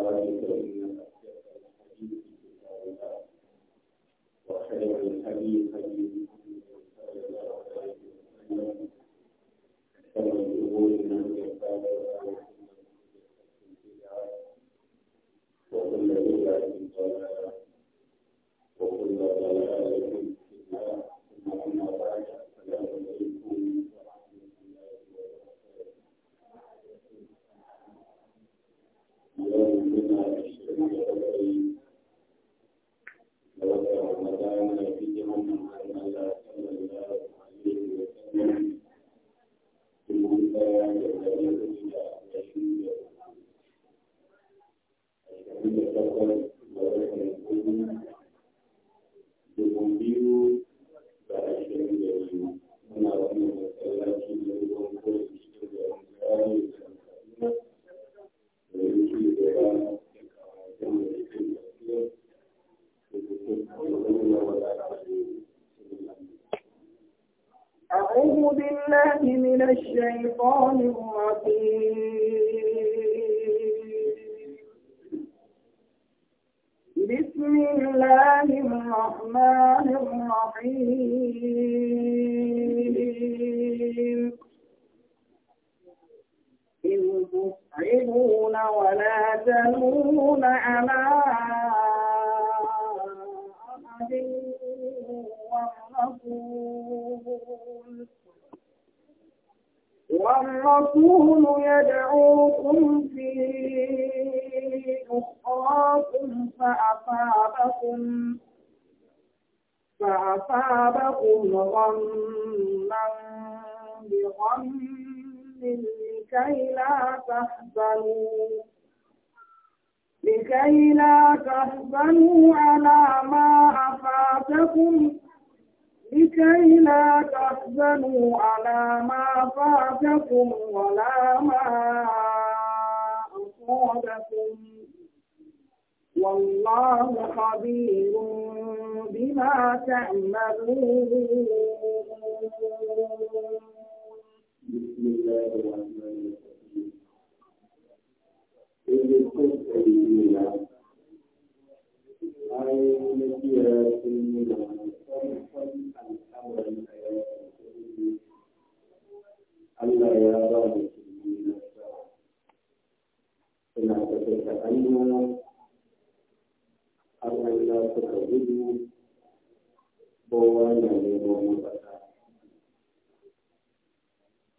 Gracias. شيطان رجيم لكي لا تحزنوا لكي لا تحزنوا على ما أفاتكم لكي لا تحزنوا على ما فاتكم ولا ما أصابكم والله خبير بما تعملون بسم الله الرحمن الرحيم إن كنت إلينا أي a سنينا صرفا Allah ya ba da kowa na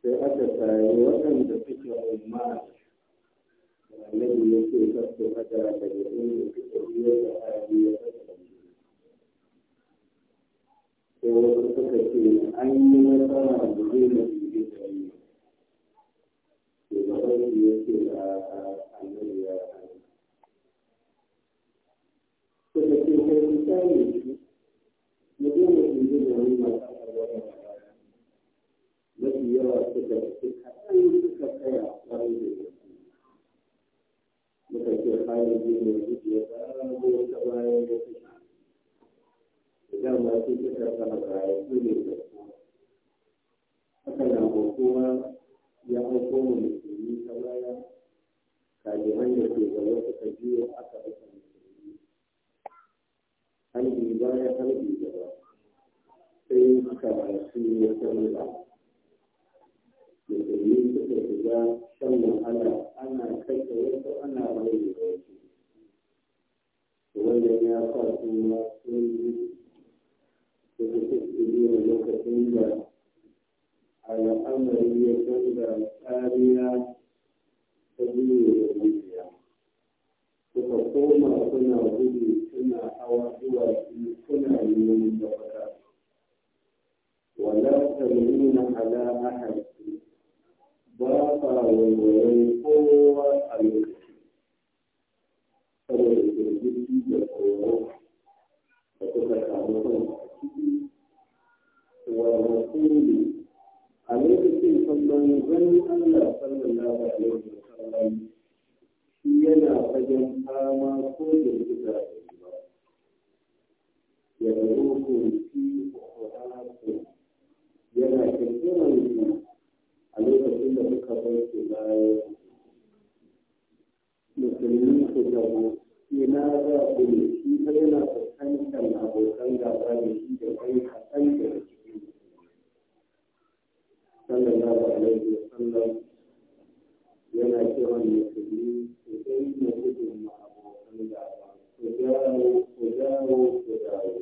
sai aka sami waɗanda suke umma da annabi ya ce kasu hada daga inda suka biyo da hali ya sai wasu suka ce an yi nasara da zai na fiye da yi da wani ya ce annabi ya suka ce suka ci kaɗan suka tsaya kwarai ma su suka tsara baya da haka na kowa ya auko mu ta baya da ke gaba biyo aka baya halibi sai suka ya musulmi suka shiga shan wahala ana kashe wasu ana rage wasu wannan ya sa su ma sun yi suka kasance da lokacin da al'amari ya canza tsariya ta biyu da zuciya suka koma suna gudu suna hawa duwatsu suna neman mafaka ولا تلومون على أحد ba sa kowa a lokaci saboda girgirgi da tsoro da suka samu kan ciki zan shi yana fagen fama ko da gida ba ya ruhu fi yana kirkirar a lokacin da muka barke bayan musulmi ku ina za ku ne shi ta yana fuskantar abokan gaba da shi da wani kasan da ciki sallallahu alaihi wa sallam yana kiran musulmi ku dai na gudun ma abokan gaba ku dawo ku dawo ku dawo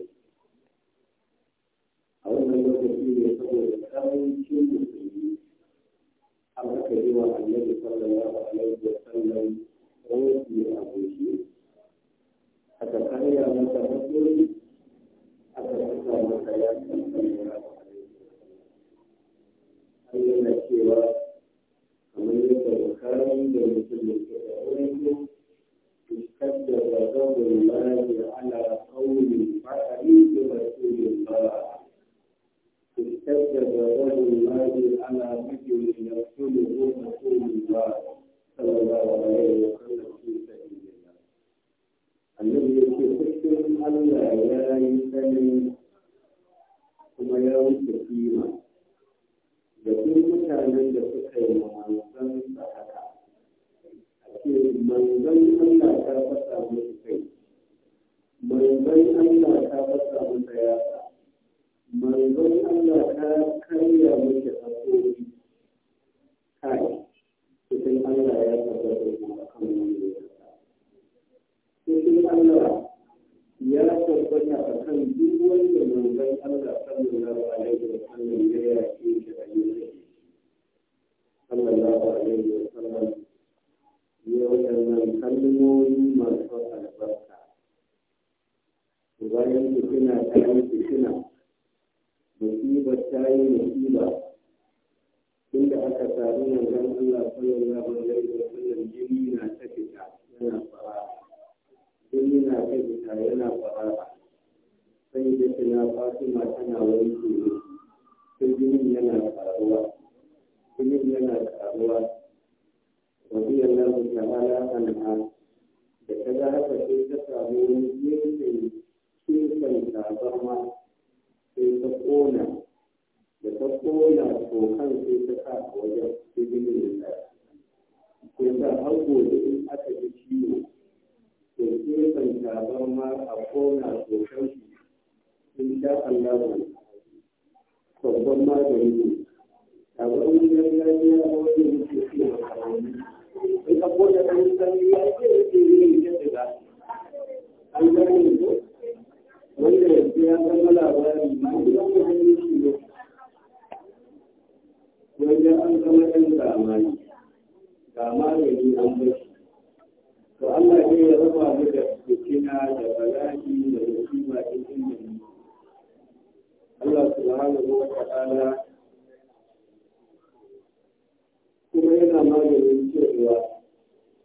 a wannan lokaci ne saboda karancin musulmi aka yi wa annabi sallallahu alaihi wa sallam aka karya masa hakuri aka ya cewa kamar yadda bukarin da mutum ya da wurin اشتد غضب الله على قول البشر برسول استكتب رجل ماجد على رجل يقتله رسول الله صلى الله عليه وسلم في kuma ya wuce mutanen da suka manzan haka a ce Allah ta fasa musu kai manzan Allah ta fasa musu ya manzon Allah ta karya miki a kai cikin Allah ya tabbata a kan wanda ya cikin Allah ya tabbata a kan duk wanda manzon Allah sallallahu alaihi wa sallam ya yake shi a yau sallallahu alaihi wa sallam ya wadannan kalmomi masu albarka bayan fitina ta yi fitina musibar ta yi musiba inda aka samu manzon Allah sallallahu alaihi wa sallam jini na ta fita yana fara jini na ta fita yana fara sai da tana Fatima tana wani tsoro sai jinin yana karuwa jinin yana karuwa radiyallahu ta'ala anha da kaga haka sai ta samu wani gefen gefen tabarma sai ta ƙona da ta ƙona tokan sai ta sa a wajen sai jinin da ko ta in aka ji ciwo to ke san ma a ƙona tokan shi in sha Allah ba babban magani ne tabar mun gargajiya a wajen yake a wani in ka ƙona ɗan sanyi ya ce yake yin yadda za an gane ko wanda yanzu ya zama labari ne wajen an zama ɗan zamani ga an Allah ya raba mu da fitina da bala'i da musiba cikin Allah kuma yana maganin cewa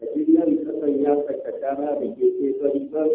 a nan kasan ya saka da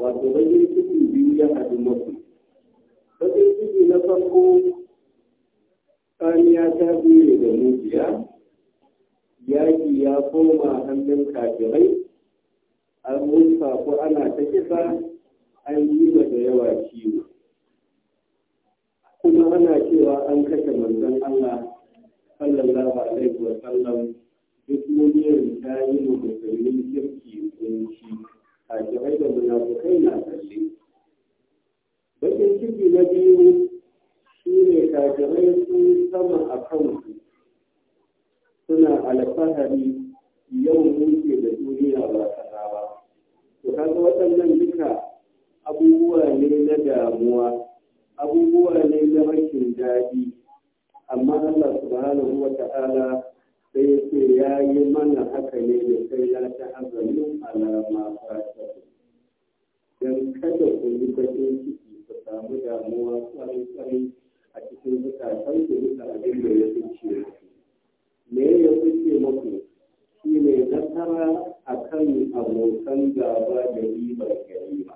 wato bakin ciki biyu ya haɗu mafi bakin ciki na farko saniya ta biyu da mujiya yaki ya koma hannun kafirai an rufa ko ana ta kisa an yi da yawa ciwo kuma ana cewa an kashe manzon Allah sallallahu alaihi wa sallam duk duniyar ta yi musulmin kirki kunci. kafirai da munafukai na kalle bakin ciki na biyu shi ne kafirai sun sama a kansu suna alfahari yau muke da duniya ba ta ba to kaga waɗannan duka abubuwa ne na damuwa abubuwa ne na rashin daɗi amma Allah subhanahu wa ta'ala sai ya ce ya yi mana haka ne da kai na ta hazarin alama fata don kada ku yi bakin ciki ku samu damuwa kwarai-kwarai a cikin zukatan ku bisa abin da ya fice me ya fice muku shi ne nasara a kan abokan gaba da ribar garima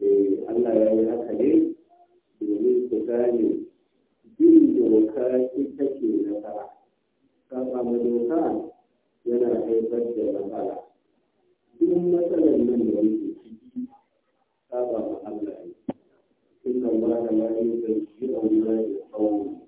eh, Allah ya yi haka ne domin ku gane bin doka ita ce nasara saba ma doka yana haifar da matsala duk matsalar nan da yake ciki saba ma Allah ne inna Allah la yuzayyi'u ma yaqawmu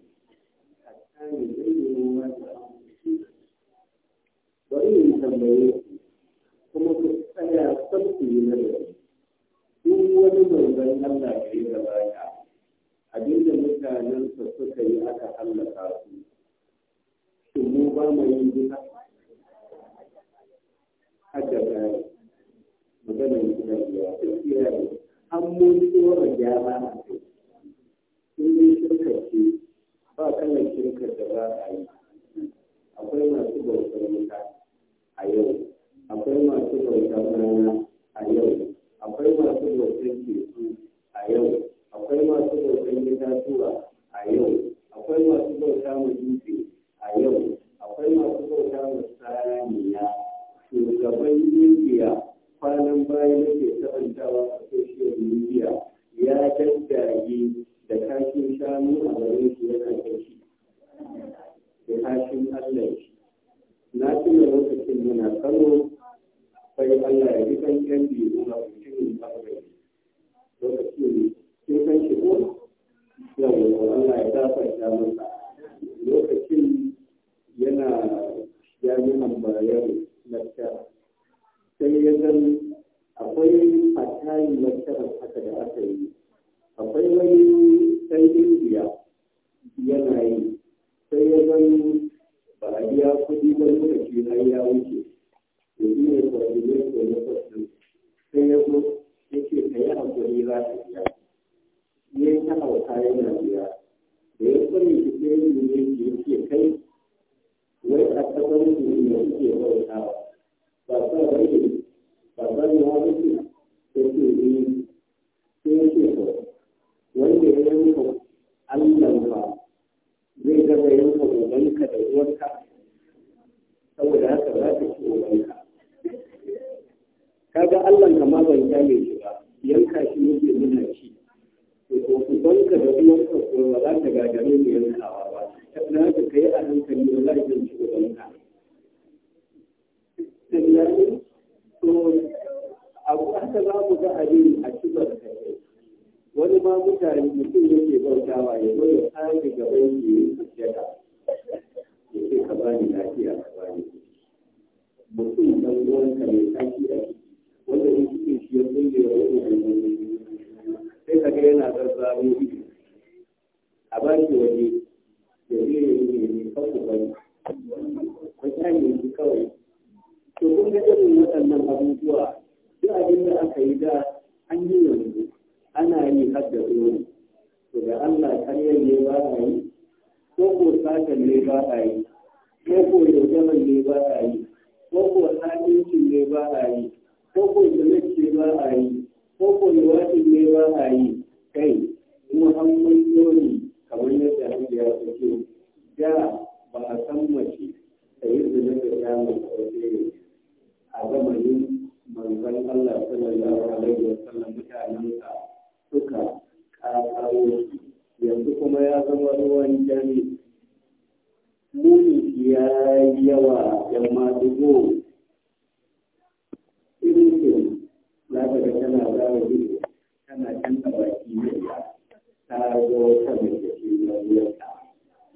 wata mai da shi rayuwarka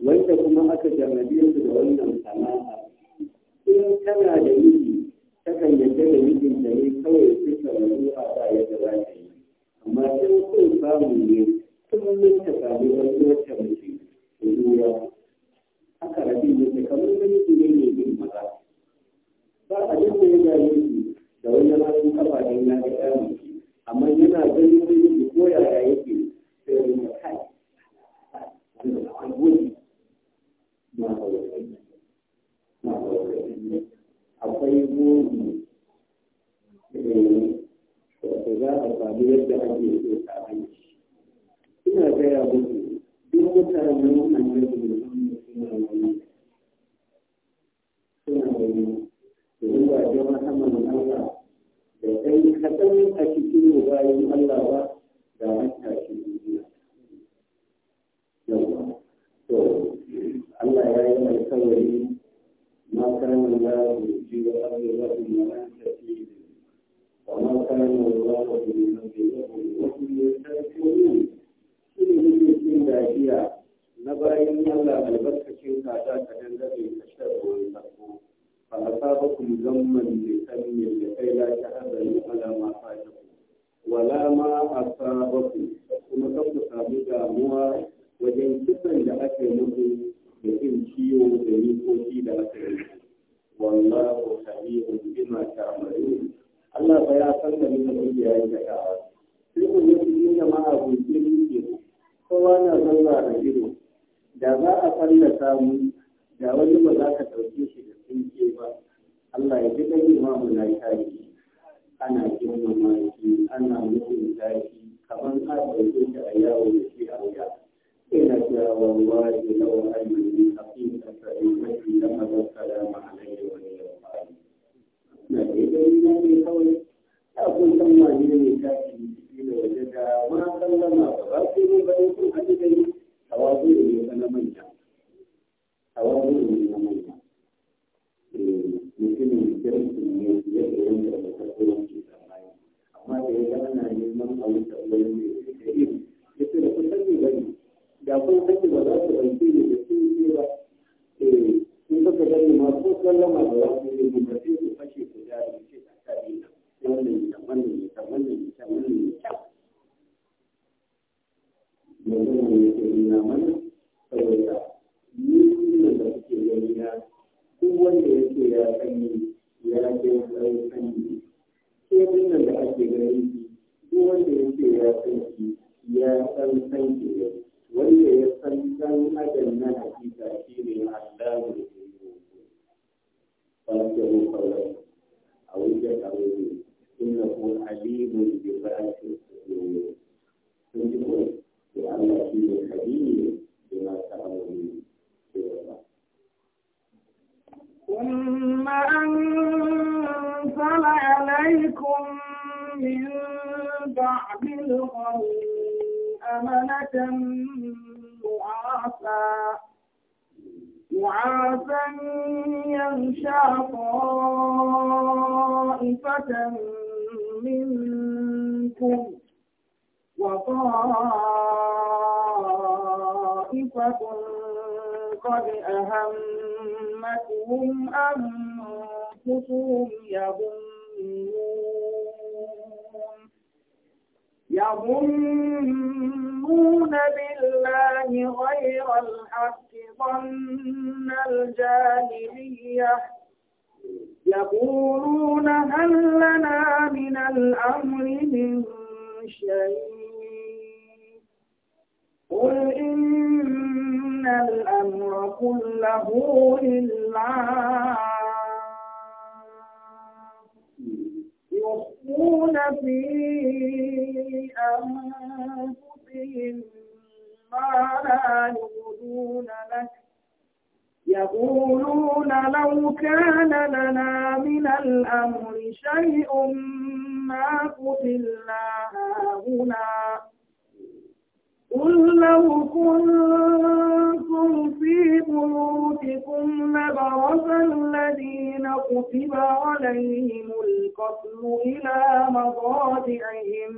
wanda kuma aka jarrabe su da wannan sana'a in tana da miji takan yadda da mijinta ne kawai suka rayuwa ba yadda za ta yi amma in kun samu ne kullum ta samu wani wata mace ruwa haka ne yake kamar namiji ne ne bin maza ba duk da ya gane shi da wani ranar kafa ne na ga ɗaya amma yana ganin wani ko yaya yake akwai gobe da za a samu yadda ake so tare ina gaya muku duk mutanen annabi muhammad suna wani suna wani da zuwa jama'a da kaɗan a cikin bayan allah ba da hankali to Allah ya yi mai saurayi ma karan da ji wa abubuwa da yaran tafi wa ma karan da wa da yaran tafi ne ya tafi shi ne yake cikin dafiya na bayan Allah mai kaza ka dangane ka shan ruwan sako fa asabakum zamman bi sanni da kai da ta'azanu ala ma fatakum wala ma a ku? kuma kafa samu damuwa wajen kisan da ake musu da yin ciwo da yikoki da ake yi wallahu sami'un bima ta'malun Allah ba ya san da nuna ya yi da ka sai ku yi cikin jama'a ku yi kowa na zalla da ido da za a fallasa mu da wani ba za ka ɗauke shi da sun ke ba Allah ya ji ɗan imamu na tarihi ana girmama shi ana mutunta shi kamar ka ɗauke shi a yawo da shi a wuya da ya Thank you. da kun kake ba za su ɗauke ne da sun ce ba eh, in suka gani ma ko sallama da wasu ne ba sai su fashe su da su ce ta ta ne wannan ya wannan ya ta wannan ya ta wannan ya ta yanzu ne ya ce ina mana saboda ni da suke gani na duk wanda ya ce ya sani ya ce ya sani sai dinnan da ake gani duk wanda ya ce ya sani ya san sani ya wanda ya san dan adam na hakika shi ne Allahu da ke yi wanda ya kawai a wajen kawai inna hu alimun bi ba'ati sudur sun ji ko to Allah shi ne kabiri da ma ta'amuli ثم أنزل عليكم من بعد الغم أمنة نعاسا نعاسا يغشى طائفة منكم وطائفة قد أهمتهم أنفسهم يظنون يظنون بالله غير الحق ظن الجاهلية يقولون هل لنا من الأمر من شيء قل إن الأمر كله لله يخفون في أنفسهم ما لا يبدون لك يقولون لو كان لنا من الأمر شيء ما قتلنا هاهنا قل لو كنتم في بيوتكم لبرز الذين كتب عليهم القتل إلى مضاجعهم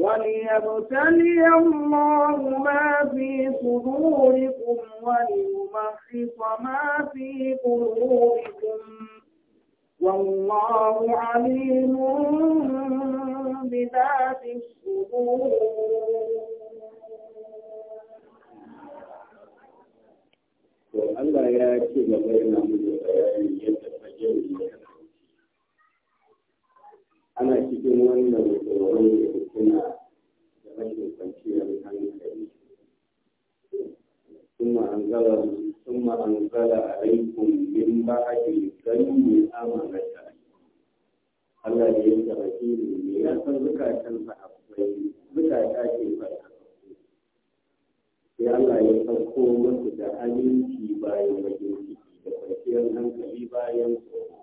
وليبتلي الله ما في صدوركم وليمحص ما في قلوبكم والله عليم بذات الصدور to Allah ya ce gaba yana muku bayanin yadda fagen ya ana cikin wannan tsoron da suna da rashin kwanciyar hankali ثم أنزل ثم أنزل عليكم من بعد الغم أمانة Allah ya yi da wakili ne ya san zukatan akwai zukata ke fata sai Allah ya sauko da aminci bayan bakin ciki da kwanciyar hankali bayan tsoro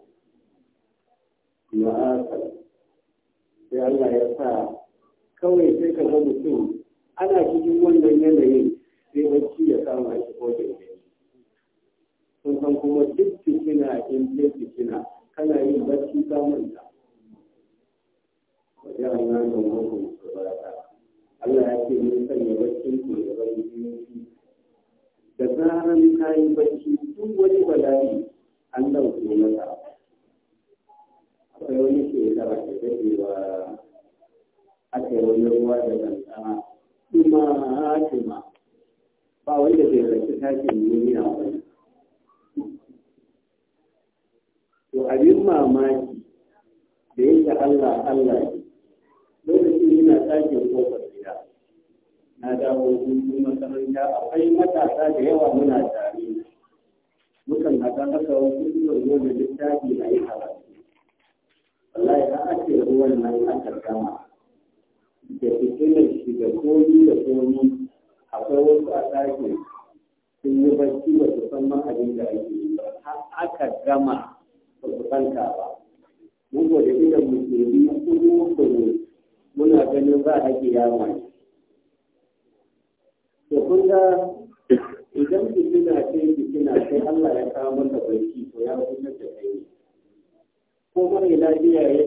ma'asar sai Allah ya sa kawai sai ka ga mutum ana cikin wannan yanayin sai bacci ya kama shi ko da sun san kuma duk cikina in ce kana yin bacci samun ta wajen nan da mutum su Allah ya ce mun sanya baccin ku da bari biyu da zaran ka yi bacci duk wani bala'i an ɗauke masa akwai wani shekara da daɗewa aka yi wani ruwa da kankana kuma tuma ba wanda bai rasu tashin duniya ba to abin mamaki da yake Allah Allah ne lokacin yana tsakin kofar na dawo hutu makaranta akwai matasa da yawa muna tare mukan haɗa haka wasu suka zo da littafi a yi karatu wallahi a ake ruwan nan a gama da fitilar shi da komi da komi akwai wasu a sake sun yi barci ba su san da ake yi ba aka gama ba su kanta ba mun gode idan musulmi kuma muna ganin za a ake yawon to kun ga idan fitina ce fitina sai Allah ya kawo maka barki to ya kusa da kai ko mara lafiya ya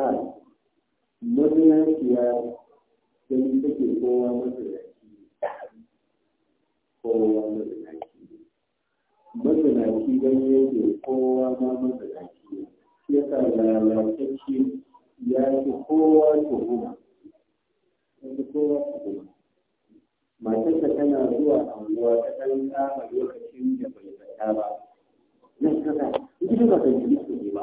ta matsayaciyar gani take kowa matsalaci kowa matsalaci matsalaci gani yake kowa ma matsalaci shi yasa lalatacce ya fi kowa tuhuma ya kowa tuhuma ta tana zuwa anguwa ta ɗan kama lokacin da bai fata ba nan kaza ita ba ta ji ba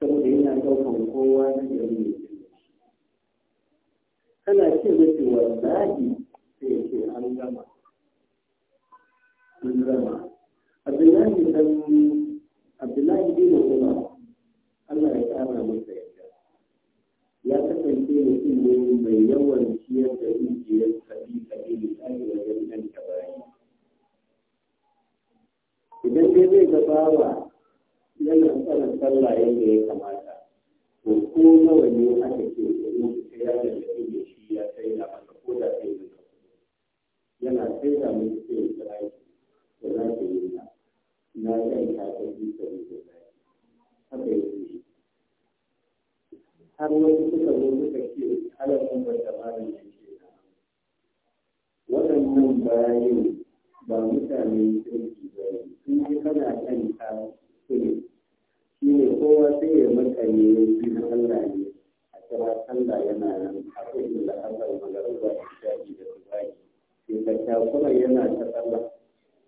saboda yana ɗaukan kowa na gari ne kana ce mace wallahi sai ya ce an gama an gama abdullahi dan abdullahi bin umar Allah ya kara masa yadda ya kasance mutum ne mai yawan ciyar da dukiyar kabi kabi misali wajen nan ta bayi idan dai zai gabawa yana tsarin sallah yadda ya kamata to ko nawa ne aka ce kuɗin ya da mutum ya shi ya sai da masa ko da sai da yana sai da mutum sai ya tsira da za ka yi na na zai ta ta ji ta yi da haka ya ce har wasu suka zo suka ce halafin wanda malam ya ce na waɗannan bayan ba mutane kirki ba ne sun yi kana kan shi ne kowa sai ya makale ya fi na Allah ne a kira sallah yana nan akwai da la'asar magaruba da shafi da tubaki sai ka takura yana ta sallah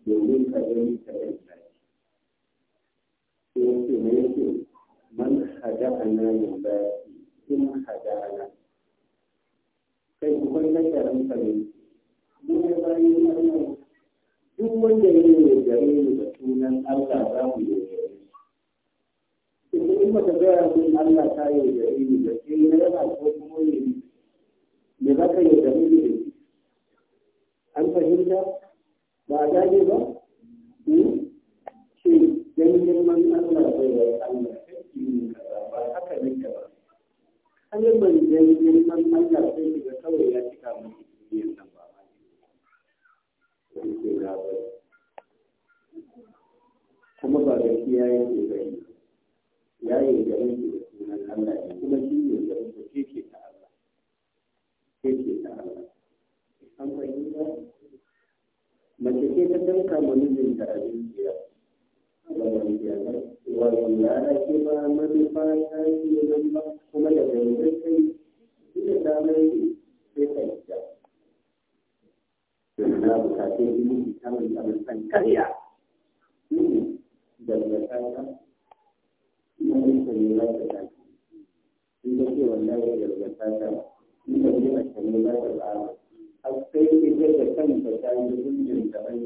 domin ka gani ka yi. ta ce sai ce mai ce man hada ana yin baki in hada ana kai kuma na kyaran kare duk ya bayan duk wanda ya yi gare ni da sunan Allah za mu yi inda in baka gaya min Allah ta yi da ni da ke na ko kuma ne me za ka yi da an fahimta ba a dage ba hmm? shi girman Allah da Allah kake yin kaza ba haka ne ka ba girman Allah ga kawai ya cika yin nan ba ma ne kuma ba ya yi da yanki da sunan Allah ne kuma shi ne da yanki ke ke ta Allah ke ke ta Allah an fahimta mace ce ta tanka ma da abin jiya wannan jiya wannan yara ke ba manufa ta yi da ba kuma da yanzu kai shi da damar sai ka yi ja na bukatai ilimi ta mun ta san karya da ta Ina ka ne da ka ta in wannan ya ta ta ne da kanka ta yi da an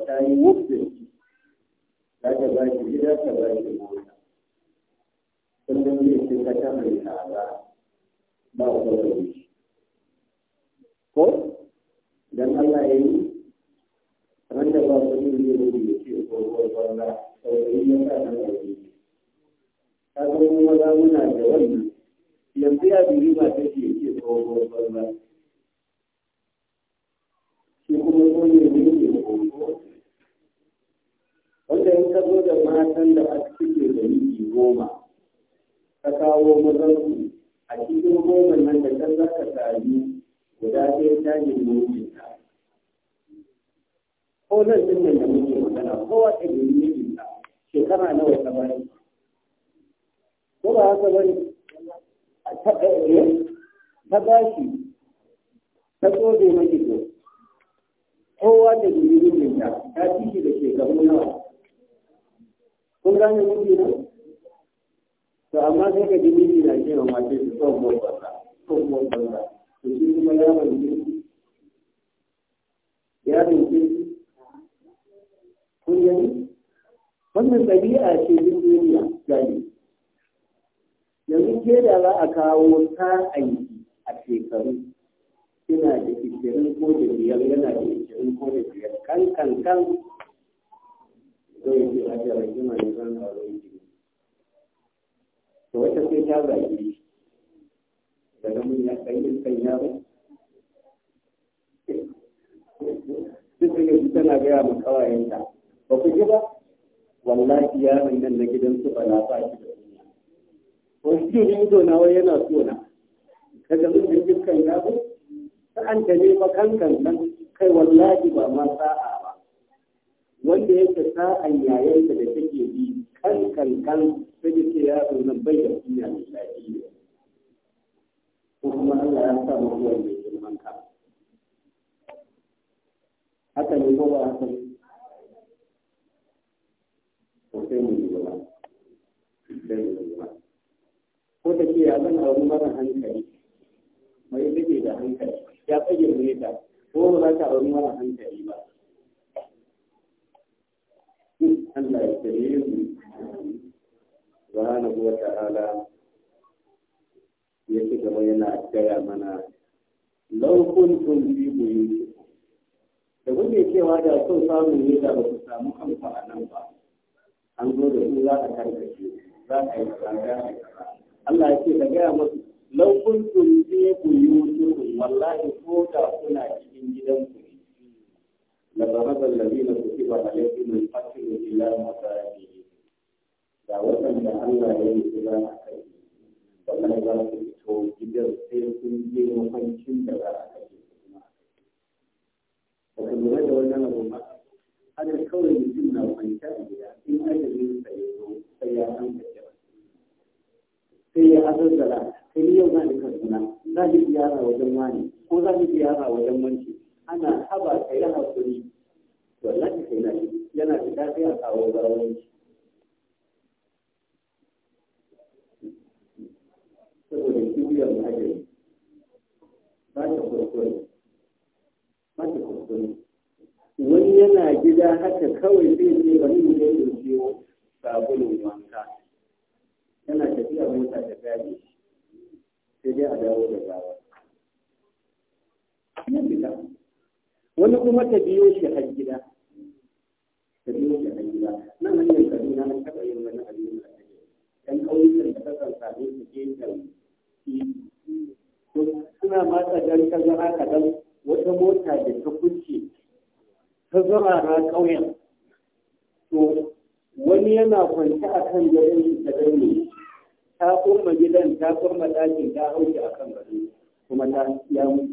ta yi mutunci za ta ba shi gida ta ba shi mota kullum zai ce ka ta mai tsada ba ku da shi ko dan Allah ya yi wanda ba ku yi zai rubu ya ce ko ko banza saurayi ya sa da shi ta zama maza muna da wannan yanzu ya biyu ba ta ce ko ko banza shi kuma zo ne matan da a cikin da miji goma ka kawo mazanku a cikin goma nan da ta zaka ka sami guda ɗaya ta yi ta. ko nan din da muke magana kowa ta yi ta shekara nawa wata bari ko ba haka bari ta ɗaya ta bashi ta tsobe maki kowa da yi ta ta shi da shekaru nawa kun gane miji na to amma sai ka ji miji na kiran wace shi tsohuwar banza tsohuwar banza to shi kuma yaron kirki ya kirki kun gani wannan ɗabi'a ce duk duniya gani yanzu ke da za a kawo sa'ayi a shekaru kina da ishirin ko da biyar yana da ishirin ko da biyar kan kan kan zai ce a zan yi to wata sai ta mun kan tana gaya ma kawayenta ba ku ba na gidan ba na ba yana so na mun ji kan kankan nan kai wallahi ba ma sa'a wanda ya yake sa'an yayanta da take yi kan kan kan sai ce yaro nan bai da kunya mai lafiya ko kuma Allah ya sa mutu mai girman ka haka ne ko ba haka ne to sai mu yi ba sai mu yi ba ko ta ke ya zan auri mara hankali mai take da hankali ya fage mu ne ta ko ba za ta auri mara hankali ba Allah ya kare mu subhanahu wa ta'ala ya ci gaba yana gaya mana law kuntum fi buyutikum da wanda cewa da son samu ne da ba ku samu kanku a nan ba an zo da su za a karkace za a yi tsada Allah ya ce ka gaya masu law kuntum fi buyutikum wallahi ko da kuna cikin gidanku لذهب الذين كتب عليهم القتل إلى مساجدهم da waɗanda Allah ya yi kira a kai waɗanda za su fito gidan sun je mafancin da za a kai kuma a kai da wannan abu haka kawai mutum na kwanta a gida in ajalin sa ya ya san sai ya za ki wajen wani ko za ki wajen wanci ana haba ka yi haƙuri wallahi kai na nashi yana fita sai a kawo garawanci saboda kibiyar ma'ajiri ba ta kuskure ba ta kuskure wani yana gida haka kawai zai ce wani mu ne ɗauke sabulun wanka yana tafiya mota ta gaji sai dai a dawo da gawa. Yan fita. wani kuma ta biyo shi har gida ta biyo shi har gida nan hanyar kaduna na taɓa yin wani abin da ta ɗan ƙauyukan da kasan same su gefen suna matsa dan ta zama kaɗan wata mota da ta kuce ta zama na ƙauyen to wani yana kwance a kan gadon shi ta gani ta kurma gidan ta kurma ɗakin ta hauke a kan gado kuma ta ya mutu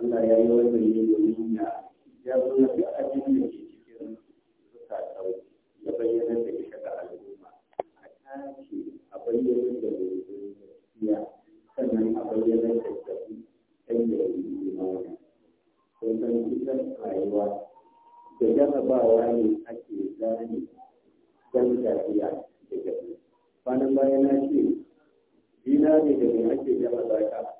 Allah ya yi wannan ne domin ya ya zo da abin da ke cikin ya bayyana da ita ga al'umma a tace a bayyana da domin gaskiya sannan a bayyana da tafi ɗan da ya yi imani sannan ita rayuwa da jarabawa ne ake gane da kwanan baya na ce da mai ake jaraba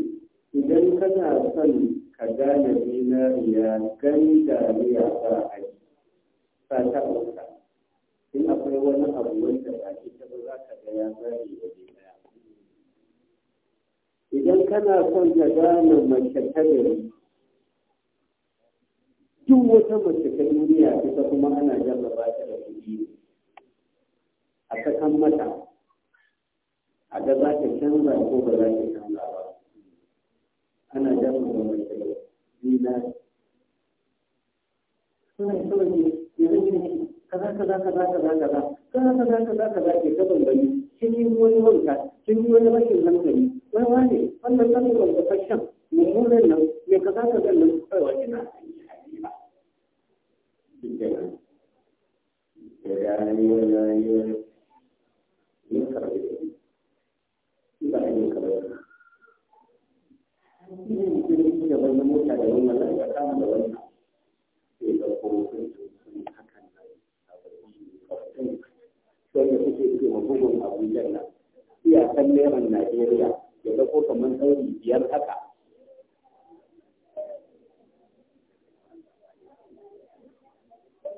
idan kana son ka gane zinariya gani dariya ba a yi ba ta auka in akwai wani abu wanda ba ita taɓa za ka ga ya zari waje daya idan kana son ka gane mace ta gari duk wata mace ta duniya ita kuma ana jarraba ta da kuɗi a sakan mata a ga za ta canza ko ba za ta canza ba ana damun da mai tsaye zinari suna kawai ne yanzu ne kaza kaza kaza kaza kaza kaza kaza kaza kaza ke gaban gani kin yi wani wanka kin yi wani rashin hankali wai wane wannan nan wanda fashion mummunan nan me kaza kaza nan kai wani na da rayuwar rayuwar yin karɓi ba a yin karɓi ne mutum ci da na mota da wannan da ya kama da wannan sai da kuma sun sun hakan nan a bakin kawai wanda suke ke ma bugun abuja nan iyakan neman najeriya ya dauko man ɗauri biyar haka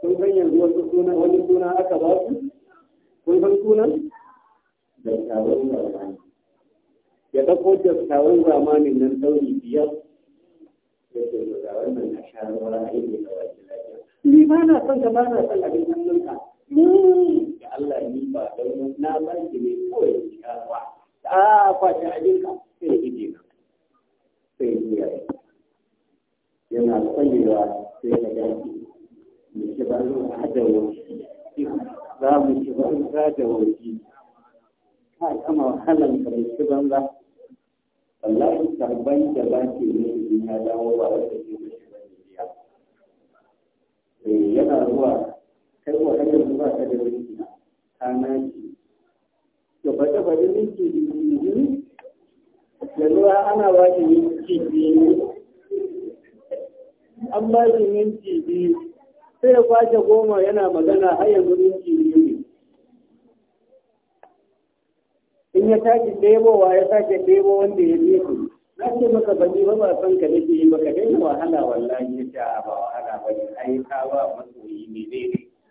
kun san yanzu wasu suna wani suna aka ba su kun san sunan da taron da wani ya ɗauko dattawan zamanin nan ɗauri biyar ya ce da wannan na sha ruwa a yi da wake lafiya ni ba na son ka ba na son abin hannunka da Allah ni ba don na ba ki ne kawai ki sha ruwa a kwace abinka sai ya ije sai ya juya yana kwallewa sai ka gaji mu ci ba ruwa a da wani za mu ci ba ruwa da wani kai kama wahalan ka mu ci banza wallahi karban da ba ke nufi ya dawo ba da ke nufi ba ne biya eh, yana zuwa kai wa kai zuwa ta da wani ta naci to ba ta bari minti biyu da zuwa ana ba ki minti biyu an ba ki minti biyu sai ya kwace goma yana magana har yanzu minti biyu in ya sake ɗebowa ya sake ɗebo wanda ya ɗebo na ce maka ba ni ba ba san ka nake yi maka daina wahala wallahi ya ce ba wahala ba ne ai ka ba masoyi ne ne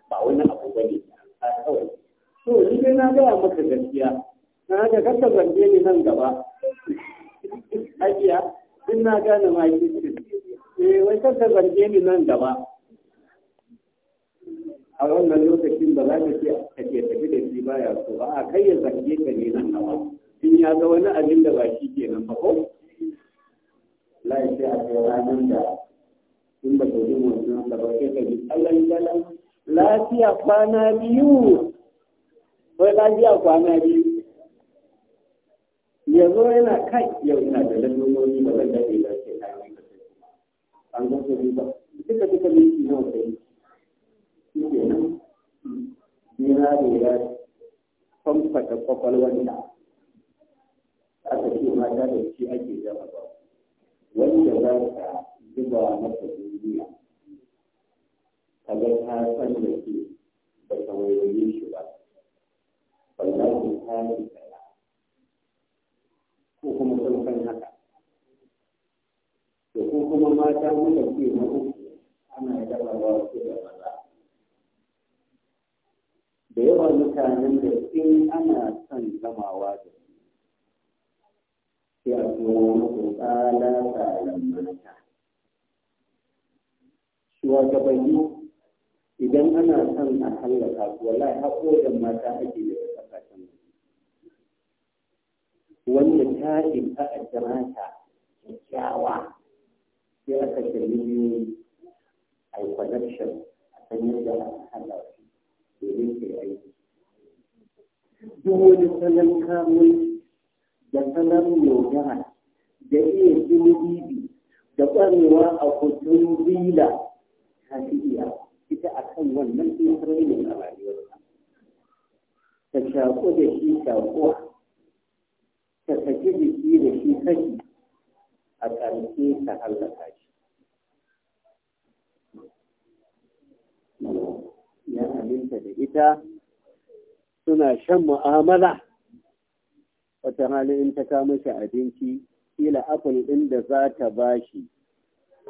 ba wani abu ba ne a kawai to ni dai na gaya maka gaskiya na ga kasa zarge ne nan gaba ajiya din na gane ma ki eh wai kasa zarge ne nan gaba a wannan lokacin ba za ka ce ka ke tafi baya so ba a kai ya zarge ka ne nan nawa in ya ga wani abin da ba shi ke nan ba ko lai sai a kai ranar da in ba ka ji wannan da ba sai ka ji tsallan tsallan lafiya kwana biyu wai lafiya kwana biyu yanzu yana kai yau ina da lalurori da ban daɗe ba sai na yi an zo su ba duka duka minti nawa kai shi ke nan 你那里的 kwamfata kwakwalwanta ta ce mata da shi ake zama ba wanda za ka zuba mata duniya kaga ta san da ke ba ta wayoyi shi ba wallahi ta yi tsaya ko kuma sun san haka to ko kuma mata muka ce na uku ana daba ba su da ba da yawa mutanen da in ana son gamawa da su ya a turo tsala tsalan mata shugabanni idan ana son a hallaka su haƙo da mata ake ta ƙasashen waje wanda ta isa a jira ta kyakkyawa sai aka shirye a yi a sanyar yadda aka hallaka domin ka yi aiki duk wani salon kamun da salon yaudara da iya zunubi da ƙwarewa a kudin rila ta fi iya ita a kan wannan tsirrai a rayuwarsa ta shaƙo da shi shaƙuwa ta saki jiki da shi saki a ƙarshe ta hallaka shi aminta da ita suna shan mu'amala wata hali in ta kama shi abinci kila apple ɗin da za ta ba shi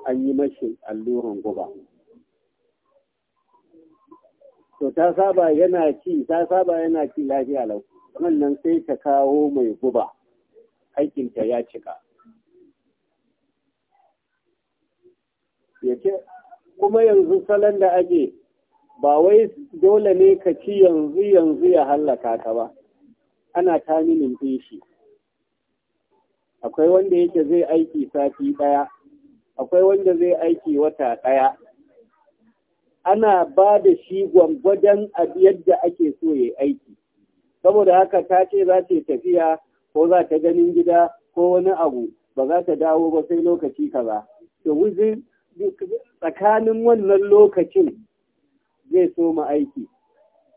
an yi mashi alluran guba to ta saba yana ci ta saba yana ci lafiya lau wannan sai ta kawo mai guba aikinta ya cika kuma yanzu salon da ake ba wai dole ne ka ci yanzu yanzu ya hallaka ka ba ana ta ɗin shi akwai wanda yake zai aiki sati ɗaya akwai wanda zai aiki wata ɗaya ana ba da shi gwangwadon yadda ake so ya aiki saboda haka ta ce za ta tafiya ko za ta ganin gida ko wani abu ba za ta dawo ba sai lokaci kaza to tsakanin wannan lokacin zai soma aiki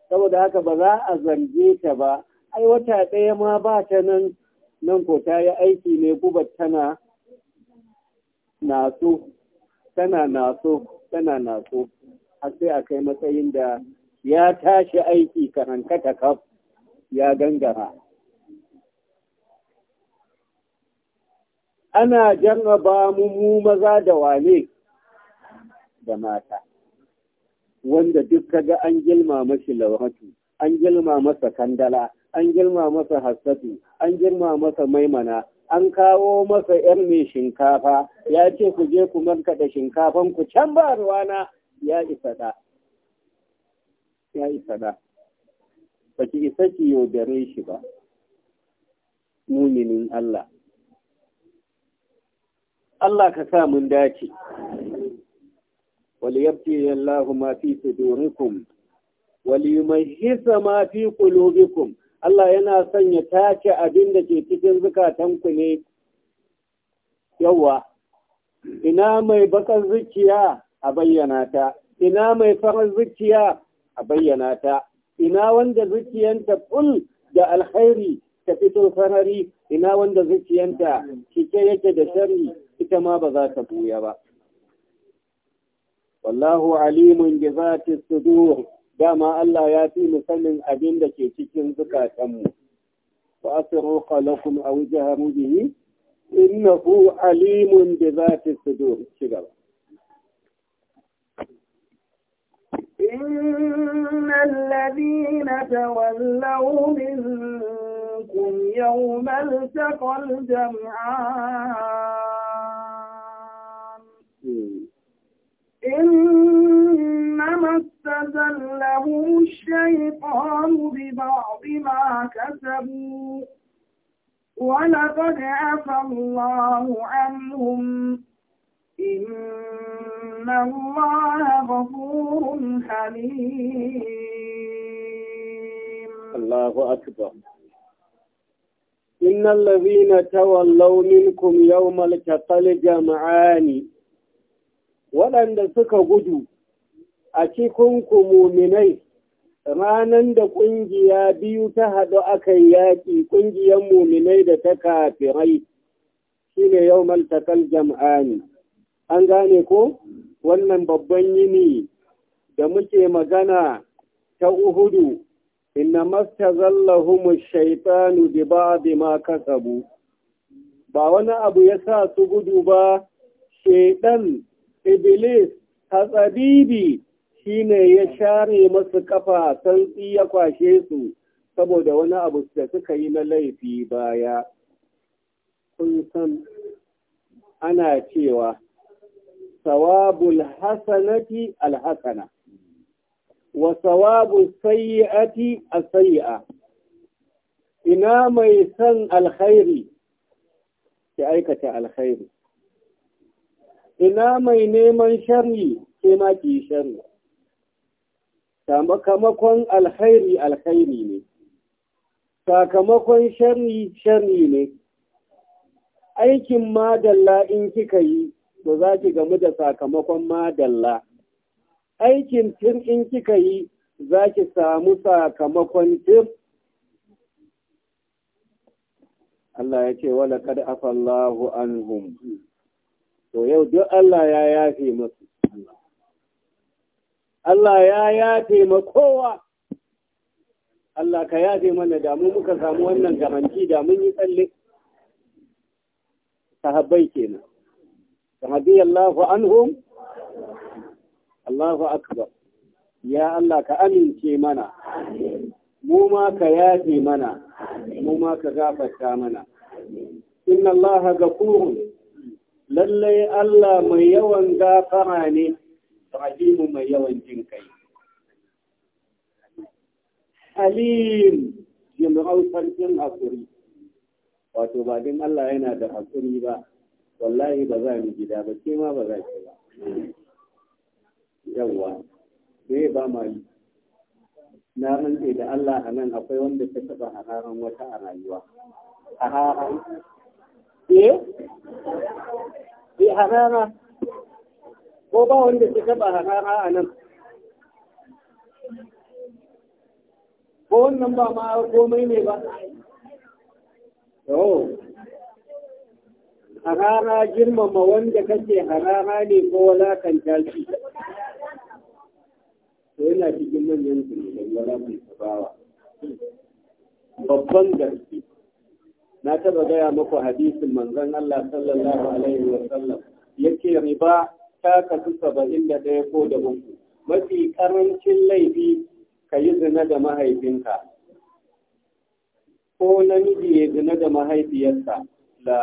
saboda haka ba za a zange ta ba ai wata ɗaya ma ba ta nan nan ko ta yi aiki ne kuma tana naso tana naso tana naso har sai a kai matsayin da ya tashi aiki ka kaf ya gangara ana jarraba mu mu maza da wane da mata wanda duk kaga an girma mashi lawatu an girma masa kandala an girma masa hassatu an girma masa maimana an kawo masa yar mai shinkafa ya ce ku je ku markaɗa shinkafan ku can ba ruwana ya isa da ya isa da ba ki isa ki yaudare shi ba muminin Allah Allah ka sa mun dace وليبتي الله ما في صدوركم وليميز ما في قلوبكم Allah yana sanya tace abin da ke cikin zukatanku ne yawa ina mai bakar zuciya a bayyana ta ina mai farar zuciya a bayyana ta ina wanda zuciyanta ful da alkhairi ta fito sarari ina wanda zuciyanta cike yake da sharri ita ma ba za ta buya ba wallahu alimun bi zati sudur dama Allah ya fi mu sanin abin da ke cikin zukatanmu wa asru qalakum aw jaharu bihi innahu alimun bi zati sudur cigaba إن الذين تولوا منكم يوم التقى الجمعان إنما استزلهم الشيطان ببعض ما كسبوا ولقد عفى الله عنهم إن الله غفور حليم الله أكبر إن الذين تولوا منكم يوم التقى الجمعان waɗanda suka gudu a cikin muminai ranar da ƙungiya biyu ta haɗu aka yaƙi ƙungiyar muminai da ta kafirai ne yau maltakal jam'ani an gane ko wannan babban yini da muke magana ta uhudu inna masta mastazallahumu shaitanu bi ba'di ma kasabu ba wani abu ya sa su gudu ba shaitan Iblis, a tsabibi shi ne ya share masu kafa santsi ya kwashe su saboda wani abu da suka yi na laifi baya. Kun san ana cewa, Sawabul hasanati alhasana, wa sawabul sayi'ati a sayi'a. Ina mai son alkhairi, ki aikata alkhairi. ina mai neman sharri sai ma ki sharri sakamakon alkhairi alkhairi ne sakamakon sharri sharri ne aikin madalla in kika yi to za ki gamu da sakamakon madalla aikin tir in kika yi za ki samu sakamakon tir Allah ya ce wa kad afallahu anhum to yau duk Allah ya yafe masu Allah ya yafe ma kowa Allah ka yafe mana da mu muka samu wannan gamanci da mun yi tsalle sahabbai kenan Allahu anhum Allahu akbar ya Allah ka amince mana mu ma ka yafe mana mu ma ka gafarta mana inna Allah ghafurun lallai Allah mai yawan gafara ne rahimu mai yawan jin kai alim jimrau jin hakuri wato ba din Allah yana da hakuri ba wallahi ba za mu gida ba ke ma ba za ki ba yawwa me ba yi. na rantse da Allah a nan akwai wanda ta taba hararan wata a rayuwa a Eh? eh harara ko ba wanda ta taba harara a nan ko wannan ba ma komai ne ba yau oh. harara girmama wanda kake harara ne ko walakanta shi to yana cikin manyan zunubai walakanta bawa babban gaske na taba gaya maku hadisin manzon Allah sallallahu alaihi wa sallam yake riba ta kasu saba'in da ɗaya ko da uku mafi karancin laifi ka yi zina da mahaifinka ko namiji ya zina da mahaifiyarsa da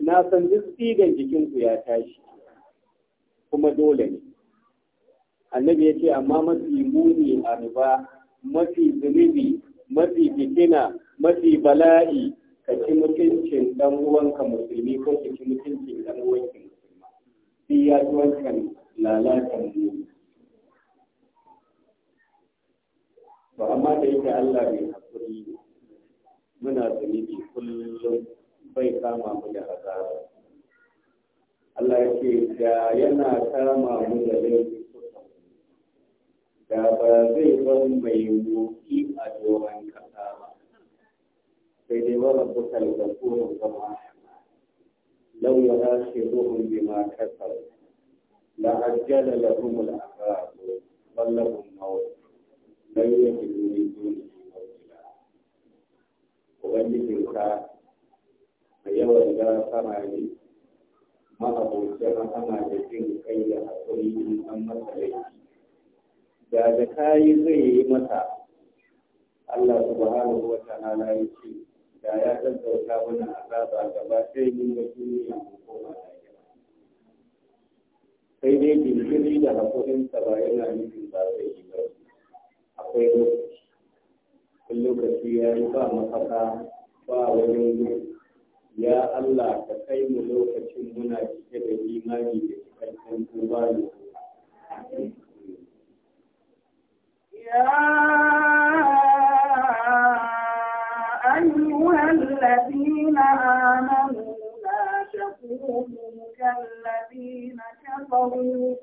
na san duk tsigan jikinku ya tashi kuma dole ne annabi ya ce amma mafi muni a riba mafi zunubi mafi fitina mafi bala'i ka ci mutuncin dan uwanka musulmi ko ka ci mutuncin dan uwanka musulma sai ya ci wancan lalatan mu to amma da yake Allah mai hakuri ne muna zunubi kullum bai kama mu da azaba Allah ya ce da yana kama mu da laifi da ba zai bar mai wofi a doron kasa ba sai dai wani kusa da kuma zama lau ya rashe ruhun bi ma kasar la ajjala lahum al-aqab bal lahum maut la yajidu min dunihi mawtila ubangijin ka a yawan gafara ne ma'abocin rahama da jin kai da haƙuri in an masa da kayi zai yi mata Allah subhanahu wa ta'ala ya ce da ya zazzauta mana azaba gaba sai mun ga duniya mu koma sai dai jinkiri da haƙoƙinsa ba yana nufin ba zai yi ba akwai lokaci in lokaci ya yi ba mafaka ba wajen ya Allah ka kai mu lokacin muna cike da imani da cikakken tuba ne يا أيها الذين آمنوا لا تكونوا كالذين كفروا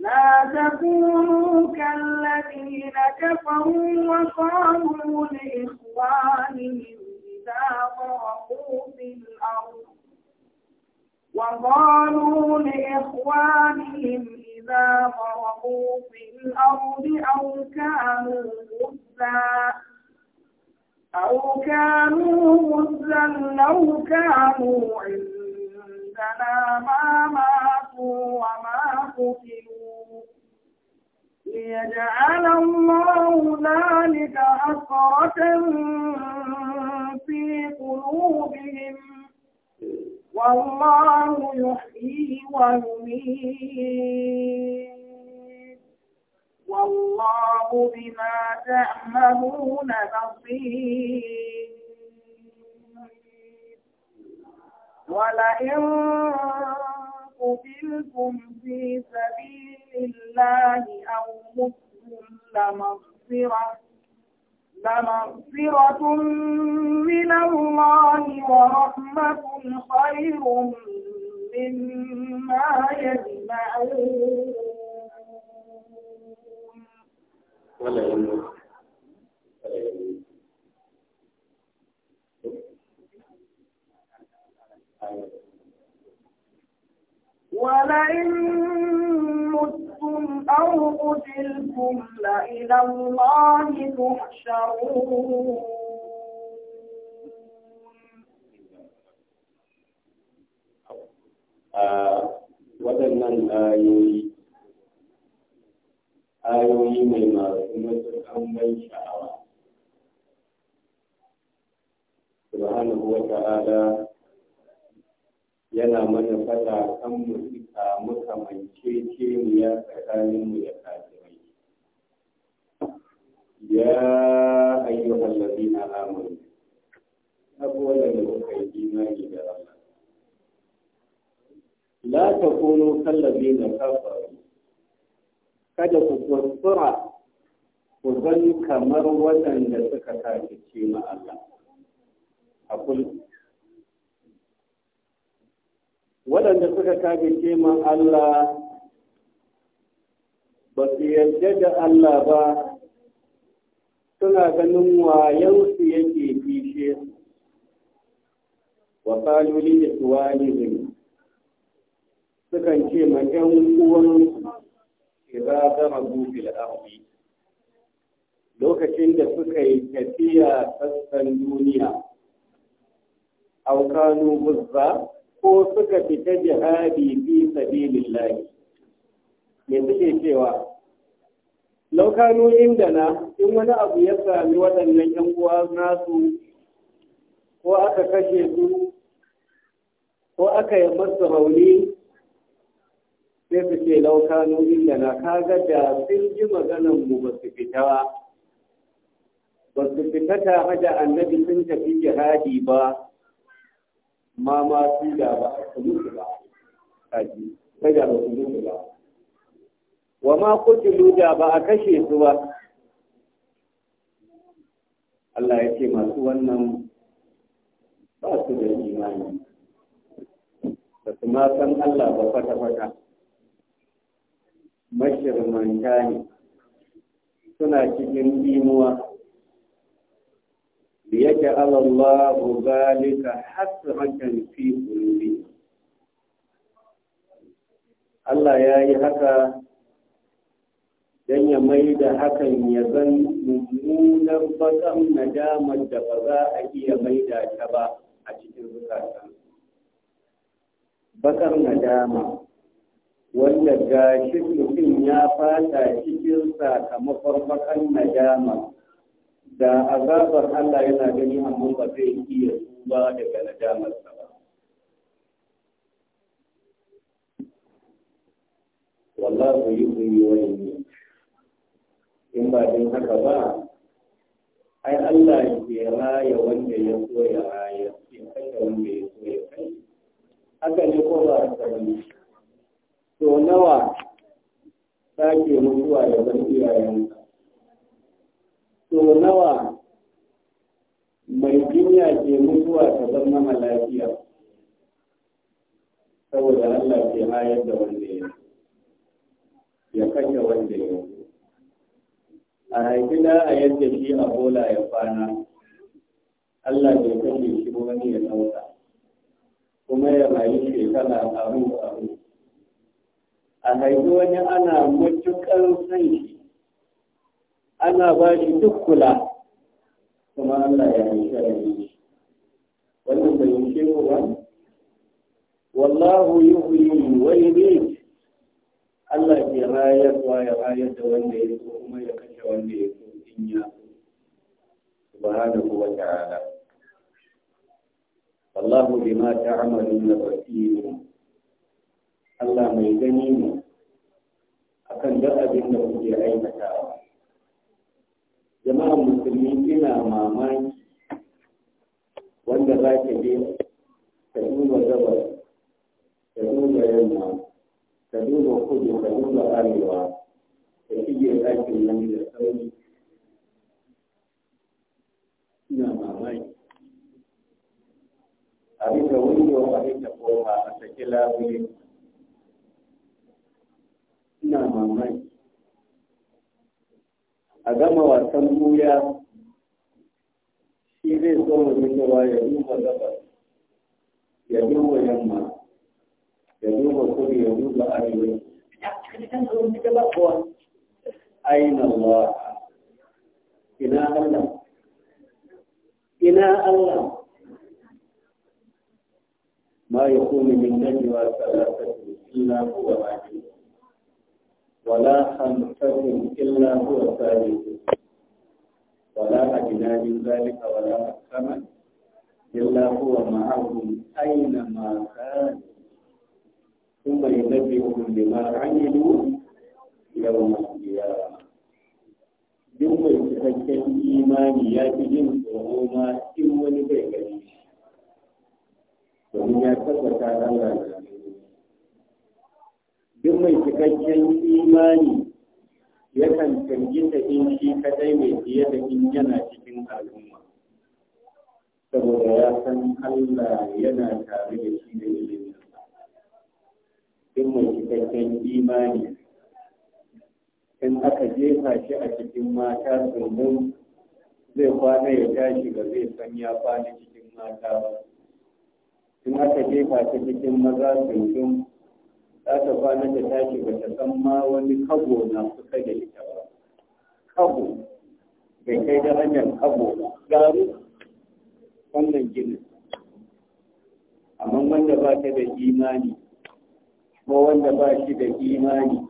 لا تكونوا كالذين كفروا وقالوا لإخوانهم إذا ضربوا في الأرض وقالوا لإخوانهم إذا ضربوا في الأرض أو كانوا غزا أو كانوا غزا لو كانوا عندنا ما ماتوا وما قتلوا ليجعل الله ذلك حسرة في قلوبهم والله يحيي ويميت والله بما تعملون بصير ولئن قتلتم في سبيل الله أو مسلم لمغفرة لمغفرة من الله ورحمة خير مما يجمعون ولئن متم أو قتلتم لإلى الله تحشرون waɗannan ayoyi ayoyi mai masu matuƙan ban sha'awa subhanahu wa ta'ala yana mana fada kan samu kamanceceniya tsakaninmu tsakanin mu ya ayyuhal ladina amanu saboda da kuka yi imani da rana la takunu na kafaru kada ku kuskura ku zan kamar waɗanda suka kafice ma Allah a waɗanda suka kafirce ma Allah ba su yarda da Allah ba suna ganin wayansu yake fishe su wa kaloli da tuwalihim sukan ce ma ƴan uwan zama darabu da ardi lokacin da suka yi tafiya sassan duniya aukanu buzza ko suka fita jihadi fi sabilillahi me suke cewa laukanu inda na in wani abu ya sami waɗannan yan uwa nasu ko aka kashe su ko aka yi masu rauni sai su ce laukanu inda na kaga da sun ji maganan mu ba su fita ba ba su fita tare da annabi sun tafi jihadi ba ma ma fi da ba su ba kaji da su ba wa ma kutilu luja ba a kashe su ba Allah ya ce masu wannan ba su da imani da su ma san Allah ba fata-fata mashirmanta ne suna cikin imuwa ليجعل الله ذلك حسرة في قلوبهم Allah ya yi haka don ya mai da hakan ya zan mummunar bakan nadamar da ba za a iya mai da ta ba a cikin zukatan. Bakar nadama wanda gashi mutum ya fata cikin sakamakon bakan nadama da azabar Allah yana gani amma ba zai iya tuba daga nadamarsa ba wallahu yuhyi wa yumiit in ba din haka ba ai Allah ke raya wanda ya so ya raya ke kashe wanda ya so ya kai haka ne ko ba haka ne to nawa sake mutuwa ya bar iyayenka so nawa mai jinya ke mutuwa ta zama malafiya lafiya saboda Allah ke hayar da wanda ya ya kashe wanda ya a haifi da a yadda shi a bola ya kwana Allah ke kashe shi wani ya ɗauka kuma ya rayu shekara a aru a haifi wani ana matuƙar san shi ana ba shi duk kula kuma Allah ya yi sharri wannan bai yushe ko ba wallahu yuhyi wa yumiit Allah ke rayar wa ya rayar da wanda ya so kuma ya kashe wanda ya so in ya so subhanahu wa ta'ala wallahu bima ta'maluna basir Allah mai gani ne akan duk abin da kuke aikatawa jama'a musulmi ina mamaki wanda za ka je ka duba gabas ka duba yamma ka duba kudu ka duba arewa ka shige ɗakin nan da sauri ina mamaki a bisa windo a bisa kofa a saki labule ina mamaki a gama wasan buya shi zai tsoro da cewa ya duba gabas ya duba yamma ya duba kudu ya duba arewa aina Allah ina Allah ina Allah ma yakunu min najwa salatati illa huwa ma'akum ولا خمسة إلا هو ثالث ولا أدنى من ذلك ولا أكثر إلا هو معهم أينما كان ثم ينبئهم بما عملوا يوم القيامة duk mai cikakken imani ya fi jin tsoro ma in wani bai gani domin ya tabbata Allah da duk mai cikakken imani yakan ta in shi kadai mai fiye da in yana cikin al'umma saboda ya san Allah yana tare da shi da ilimin duk mai cikakken imani in aka jefa shi a cikin mata domin zai kwana ya tashi ba zai san ya kwana cikin mata ba in aka jefa shi cikin maza tsundun za ta kwana da take ba ta san ma wani kago na kusa da ita ba kago bai kai da hanyar kago garu wannan ginin amma wanda ba ta da imani ko wanda ba shi da imani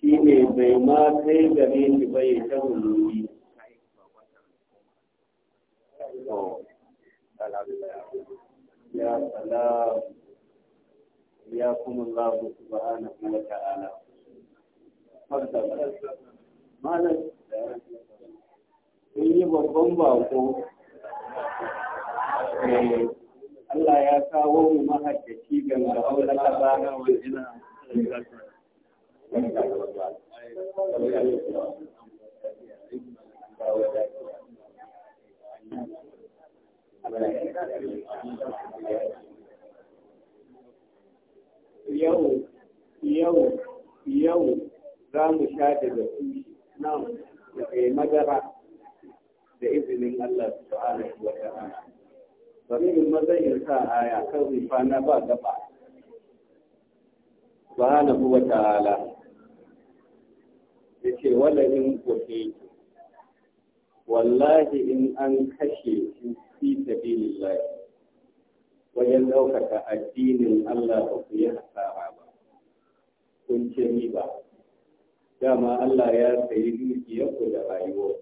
shi ne bai ma kai gare shi ba ya ta rumuni oh. ya salam Ya kuma سبحانه وتعالى malam sun yi babban bako eh, Allah ya kawo mu mahaddaci ga ma'aula ta ba na Thank you. yau yau yau za mu sha daga tushe na daga madara da izinin Allah subhanahu wata ana. bari mu maza in sa aya kan rufa na ba gaba Ba subhanahu wata ta'ala yace ce in kofi wallahi in an kashe shi fi sabilillah wajen ɗaukaka addinin Allah ba ku yi hasara ba kun ce ba. dama Allah ya sayi dukiyarku da rayuwa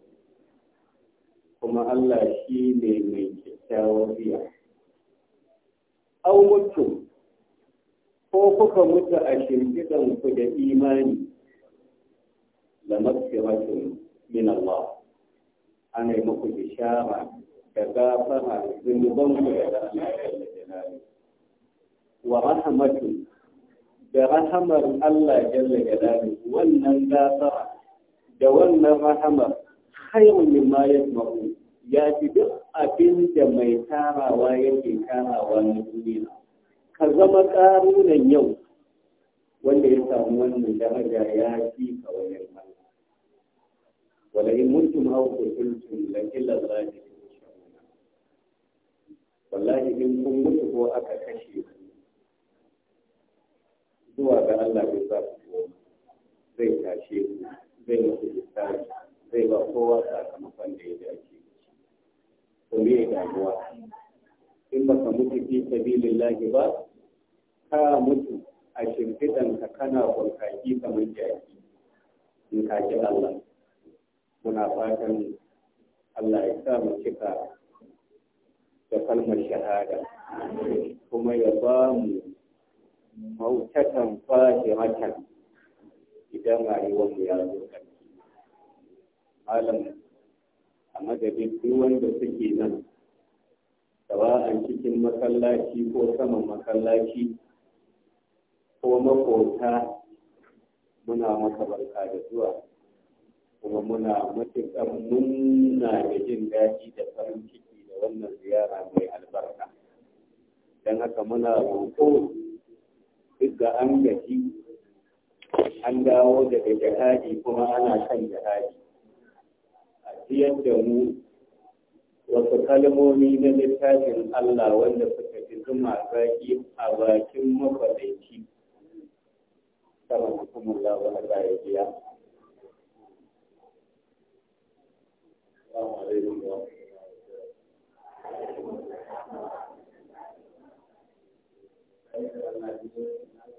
kuma Allah shi ne mai kyakkyawar riya an ko kuka mutu a shimfiɗanku da imani da mafiratun min Allah ana yi muku bishara da gafara zunubanku da Allah Wa rahmatu da rahamar Allah jalla jalalu wannan gafara da wannan rahamar khairun mimma yasma'u ya fi duk abin da mai tarawa yake tarawa na duniya ka zama karunan yau wanda ya samu wannan daraja ya fi ka wajen Allah wala in mutum aw kuntum la illa zalika wallahi in kun mutu ko aka kashe zuwa ga Allah bai za ku koma zai tashe ku zai mutu lissafi zai ba kowa sakamakon da ya dace to me ya damuwa in baka mutu fi sabilillahi ba ka mutu a ka kana burkaki kamar jaki in ka Allah muna fatan Allah ya sa mu cika da kalmar shahada kuma ya ba mu mautatan fahimatan idan mu ya zo kan. malam a madadin duk wanda suke nan sawa'an cikin masallaci ko saman masallaci ko makota muna maka barka da zuwa kuma muna matuƙar nuna da jin daɗi da farin ciki wannan ziyara mai albarka don haka muna roƙo duk da an gaji an dawo daga jihadi kuma ana kan jihadi a siyar da mu wasu kalmomi na littafin Allah wanda suka fi zuma zaki a bakin mafaɗaici sama hukumar ya biya.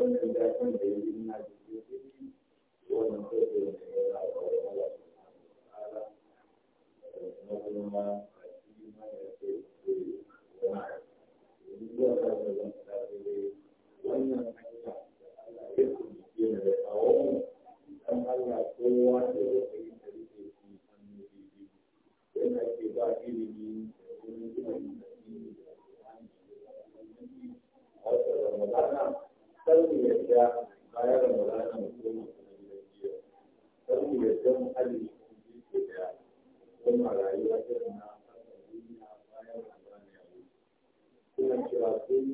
wannan gafin da yi na jiki jiki wannan da ya yi a kwaye ala su ala ba ne wannan hanya da ya kawo mu yadda bayan a mu koma kuma gidan jiya kar mu yadda mu ajiye kuɗi kuma na kasan sun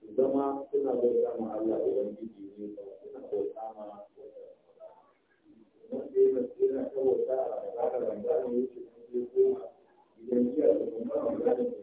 yi zama suna bauta ma Allah Ubangiji suna bauta ma ta a ramadana ramadana ya wuce sun je koma jiya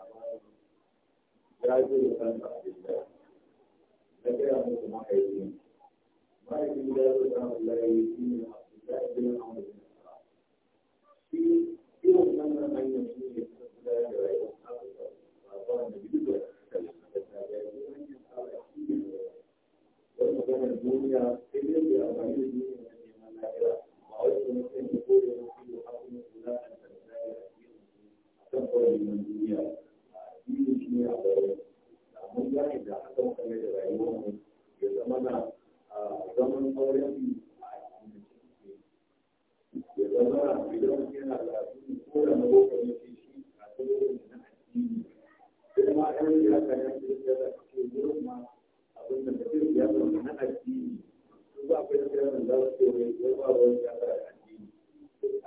ya zo da kansa a gida ya hanyar shi ne da rayuwar Afirka ba ba wanda duk da wani maganar duniya da na ne ko da da a kan duniya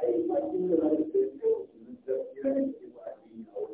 ai ba kin da zai ce ko sun da yana ne ba a yi aure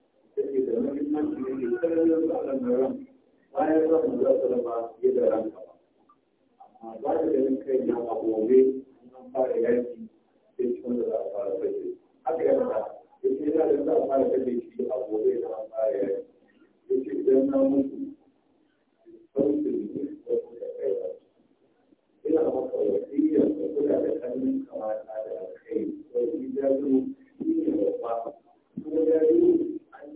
take da muhimmanci ne da tsananin tsarin fiye da ranka ba amma ganin kai na a gobe yaki sai cikin da za a ce a fara kashe a yaki ce ina maka wasiyyar da kula da kai yi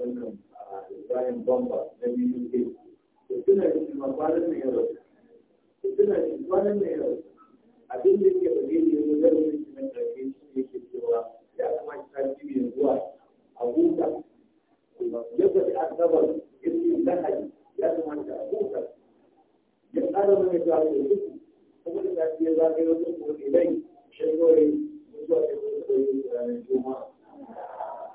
ɗinkan Ibrahim Bamba na BUK. Da suna shi ma kwanan mai yaro. Da suna yaro. Abin da yake fage da yanzu zarafin shi na ƙarfe shi ne ke cewa ya kamata ta ji mai zuwa a huta. Yadda da asabar irin lahadi ya kamata a huta. Ya tsara mana ta a yanzu. Kuma da ta ce za ka yi wasu kuma ilai. Shi ne zuwa da yanzu da yanzu da ranar Juma'a.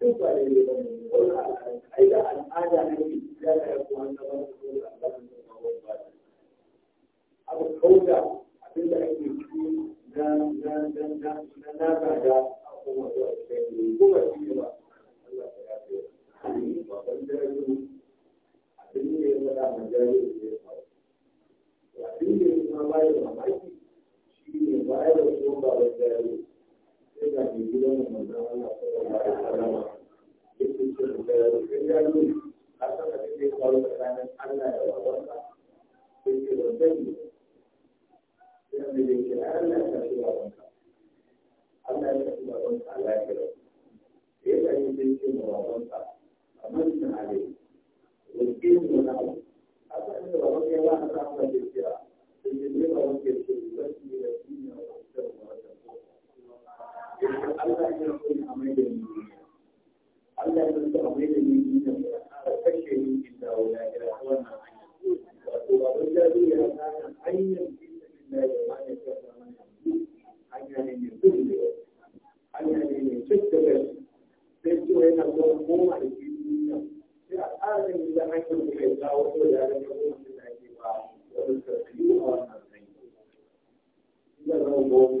duk ba da da al'ada ne ya ya da abin da ake ci da a kuma da ne ko ba shi ba Allah ne abin da ya ya faru ya mamaki shi ne da sai ga da Allah da da Allah da Allah ya Allah ya Allah ya da da ba a da kira da ya da da Allah ya da ni Allah ya rufe ya ya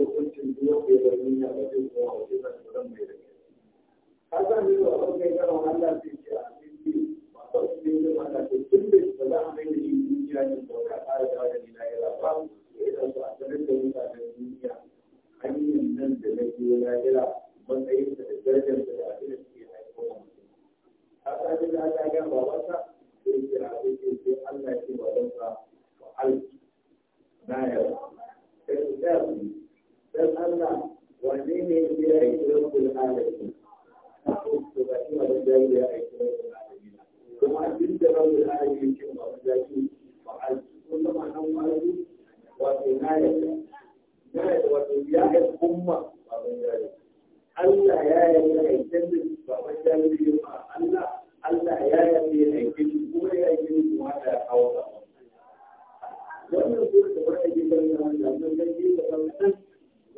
yanke hukuncin a zan mai da ka san ni kai kana a cikin ba da Allah da ba za da ya su a sanar da mutanen duniya hanyar nan da na biyo na da da ta sai Allah ya ce babansa na dan Allah wanne ne ya yi rabbul alamin to ba shi abin da ya yi rabbul alamin kuma din da rabbul alamin kin ba da shi ba al kun da nan wani wato na yi na yi wato ya yi umma ba ban ya yi Allah ya yi aikin da ba ban ya yi ba Allah Allah ya yi aikin ko ya yi kuma da hawa wannan ko da wani gidan da wannan da gidan da wannan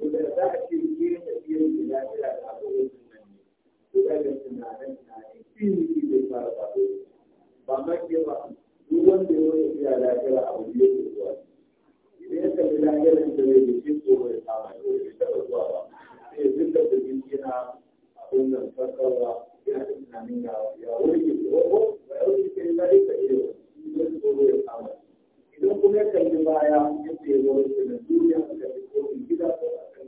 idan kuma ya kalli baya ya ce ya zo da duniya da gida ko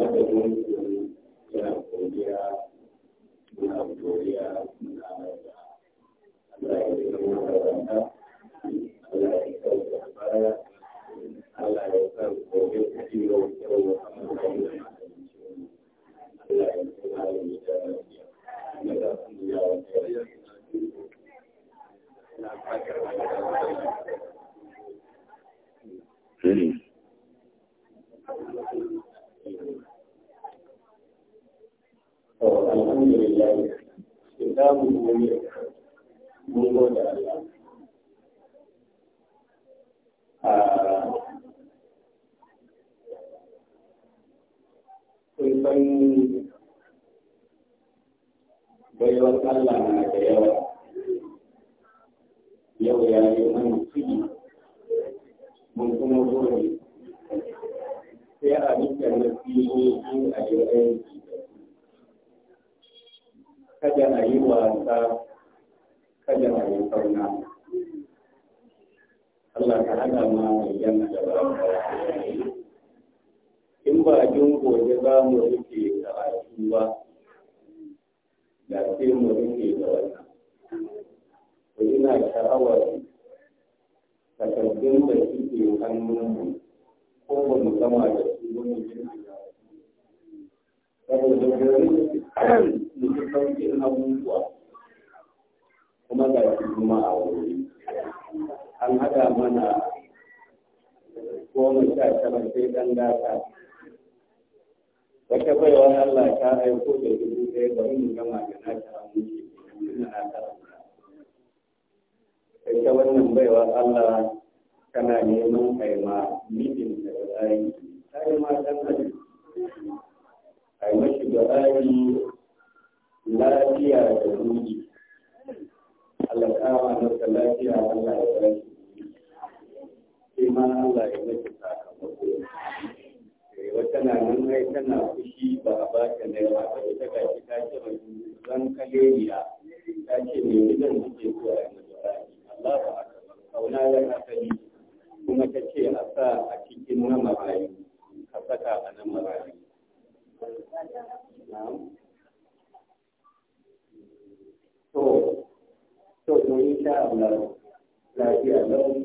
wanda mun yana godiya muna godiya da Allah ya yi wanda Allah ya yi baya Allah ya sa gobe ku ciwo wata baiwa Allah ta aiko da dubu ɗaya bari mu gama da na ta amince tunda na ta aura ita wannan baiwa Allah tana neman kaima mijin da tsari tsari ma dan hajji ai mashi da tsari lafiya da ruji Allah ta ma masa lafiya Allah ya ba Sai ma Allah ya mashi sakamako wata na nan mai tana fushi ba a ba ta naira ba ita ga shi ta ce mai zan kaleriya ta ce mai gidan da ke so a yanzu Allah ba a kauna ya asali kuma ta ce a sa a cikin na marayu ka saka a nan marayu. To, to, to, insha Allah, lafiya lau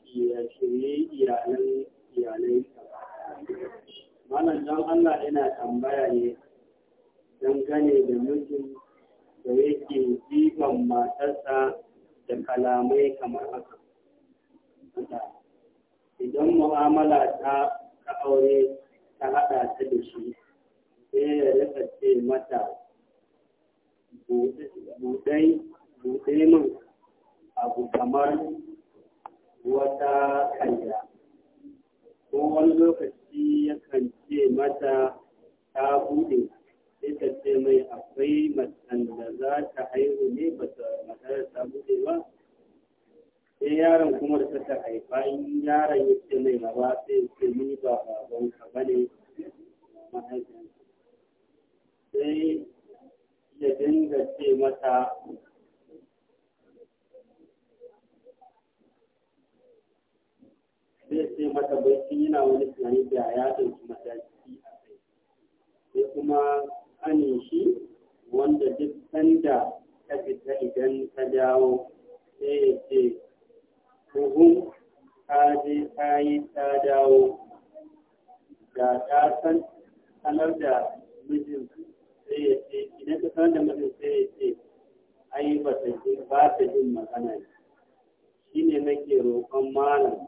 ya shirye iyalan iyalai malam don Allah yana tambaya ne dangane da mijin da yake jiban matarsa da kalamai kamar haka idan mu'amala ta ka aure ta haɗa ta da shi sai ya rika mata buɗe min abu kamar wata kanta ko wani lokaci yakan ce mata ta buɗe sai ce mai akwai matan da za ta haihu ne ba ta ta buɗe ba sai yaron kuma da ta haifa in yaron ya ce mai gaba sai ce ni ba baban ka ba ne mahaifin sai ya dinga ce mata haka bai sun yana wani tunani da ya ɗauki mataki a kai sai kuma kanin shi wanda duk sanda ka fita idan ka dawo sai ya ce tuhum ka je ka yi ta dawo da ta san sanar da mijin sai ya ce idan ka sanar da mijin sai ya ce ai ba ta jin magana ne shine nake roƙon malam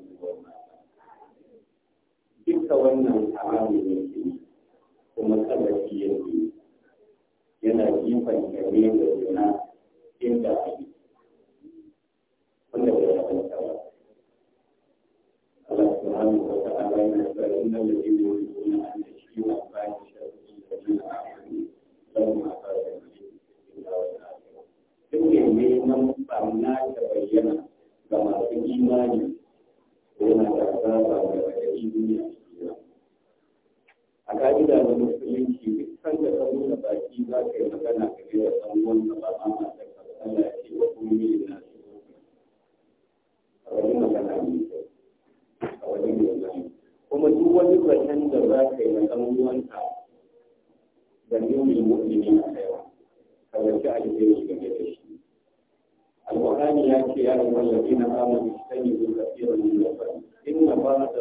duka wannan haramu ne ke kuma tsallaki yake yana jifan kare da juna inda ake wanda bai haɗa ba Allah subhanahu wa ta'ala yana cewa innal ladina yu'minuna an tashhi'a fahisha ladina amanu lahum cikin alim duk ne neman barna ta bayyana ga masu imani yana da azaba da duniya a ka'ida da musulunci duk sanda ka nuna baki za ka yi magana ka da ɗan wanda ba a ma da kasala kuma mai kyau a ne kuma duk wani zaton da za ka yi na ɗan da nuna mu'mini a kaiwa ka zaci alheri game da shi القرآن يأتي يا أيها الذين آمنوا اجتنبوا كثيرا من الظن إن بعض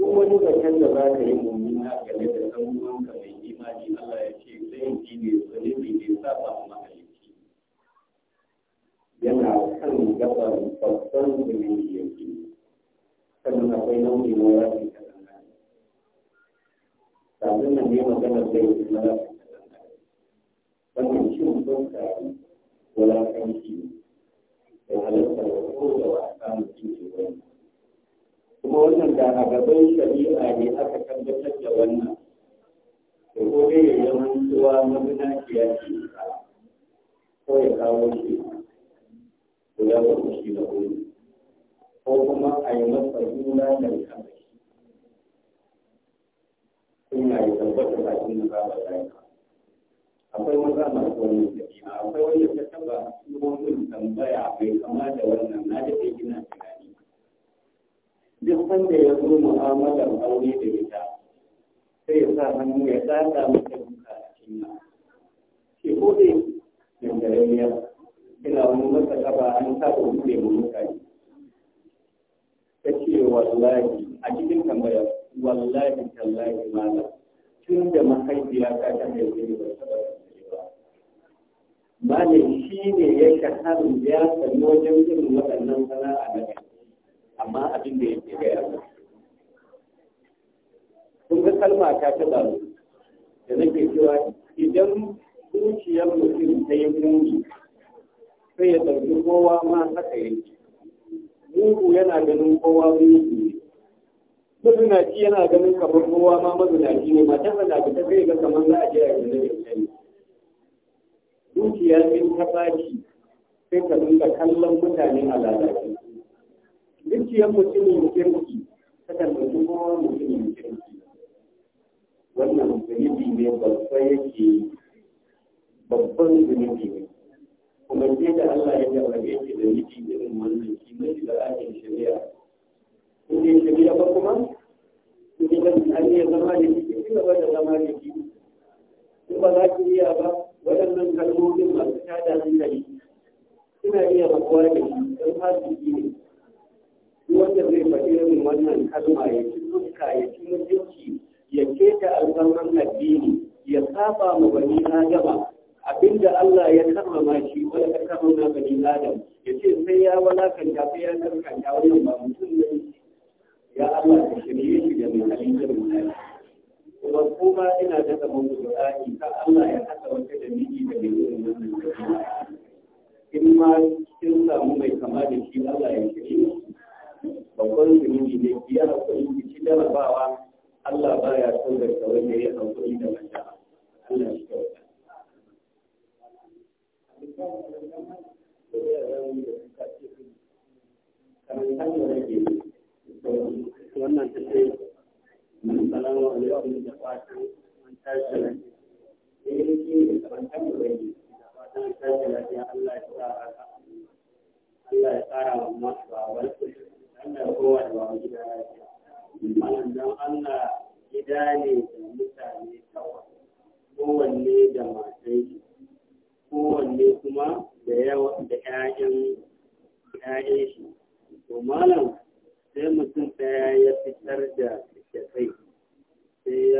duk wani zaton da za ka yi mummuna game da ɗan uwanka mai imani Allah ya ce zai yi ne zunubi ne saba mahalicci yana kan gabar babban zunubi yake sannan akwai nau'i na rafi ta ɗan kafin nan ne maganar da yake na rafi ta ɗan wannan cin sun kayi wulakanci da halittar ko da wasa mutum ke wani kuma wannan da a gaban shari'a ne aka tabbatar da wannan da gobe ya zama cewa mazina ce ya ce ko ya kawo shi ko ya kawo shi da wuri ko kuma a yi masa juna da kama shi suna yi tabbata ba shi na ba ba akwai maza masu wani jami'a akwai wanda ta taba cikin wani tambaya mai kama da wannan na da ke gina gina duk wanda ya zo mu'amalar aure da ita sai ya sa hannu ya tsada mata duka a cinya ke kode yangarariya ina wani masa kaba an saba wuce mu mutane ta ce wallahi a cikin tambayar wallahi tallahi malam tun da mahaifiya ta ta haife ba ta ba malam shi ne ya shahara ya sami wajen bin waɗannan sana'a na gani. amma abin da yake gaya mu kun ga kalma ta ta da da nake cewa idan zuciyar mutum ta yi muni sai ya ɗauki kowa ma haka yake mugu yana ganin kowa mugu ne mazinaci yana ganin kamar kowa ma mazinaci ne ta hana ta zai ga kamar za a je a yanzu da yanzu zuciya in ta baki sai ka dinga kallon mutane a lalace zuciyar mutumin kirki ta karɓi kowa mutumin kirki wannan zunubi ne babba yake babban zunubi ne kuma sai da Allah ya jarrabe shi da miji irin wannan shi ne da ajin shari'a in dai shari'a ba kuma in dai ban an iya zama da shi in ba da zama da shi in ba za ki iya ba waɗannan kalmomin masu tada hankali suna iya rabuwa da shi don fasiki ne wanda zai faɗi irin wannan kalma ya ci suka ya ci mutunci ya ta alfarman addini ya saba ma bani adama abinda Allah ya karrama shi wala ka karrama bani adam ya ce sai ya ta sai ya karkanta wannan ba mutum ne ya Allah ka shirye shi da mai halittar mutane kuma kuma ina da zaman guduna'i ka Allah ya haka wata da miji da mai irin wannan in ma kin samu mai kama da shi Allah ya shirye shi babban zunubi ne ki ya haƙuri ki ci jarabawa Allah ba ya son da kawai ne ya haƙuri da mata Allah shi kyauta. wannan ta ce salamu alaikum da fatan an tashi lafiya eh, ne ne ne karantar da rage da fatan an tashi Allah ya tsara Allah ya tsara wa masu babar Allah kowa da wani gida lafiya. Malam don Allah gida ne da mutane kawai, kowanne da matai, kowanne kuma da yawa da ‘ya'yan shi. To malam sai mutum ɗaya ya fitar da littattafai, sai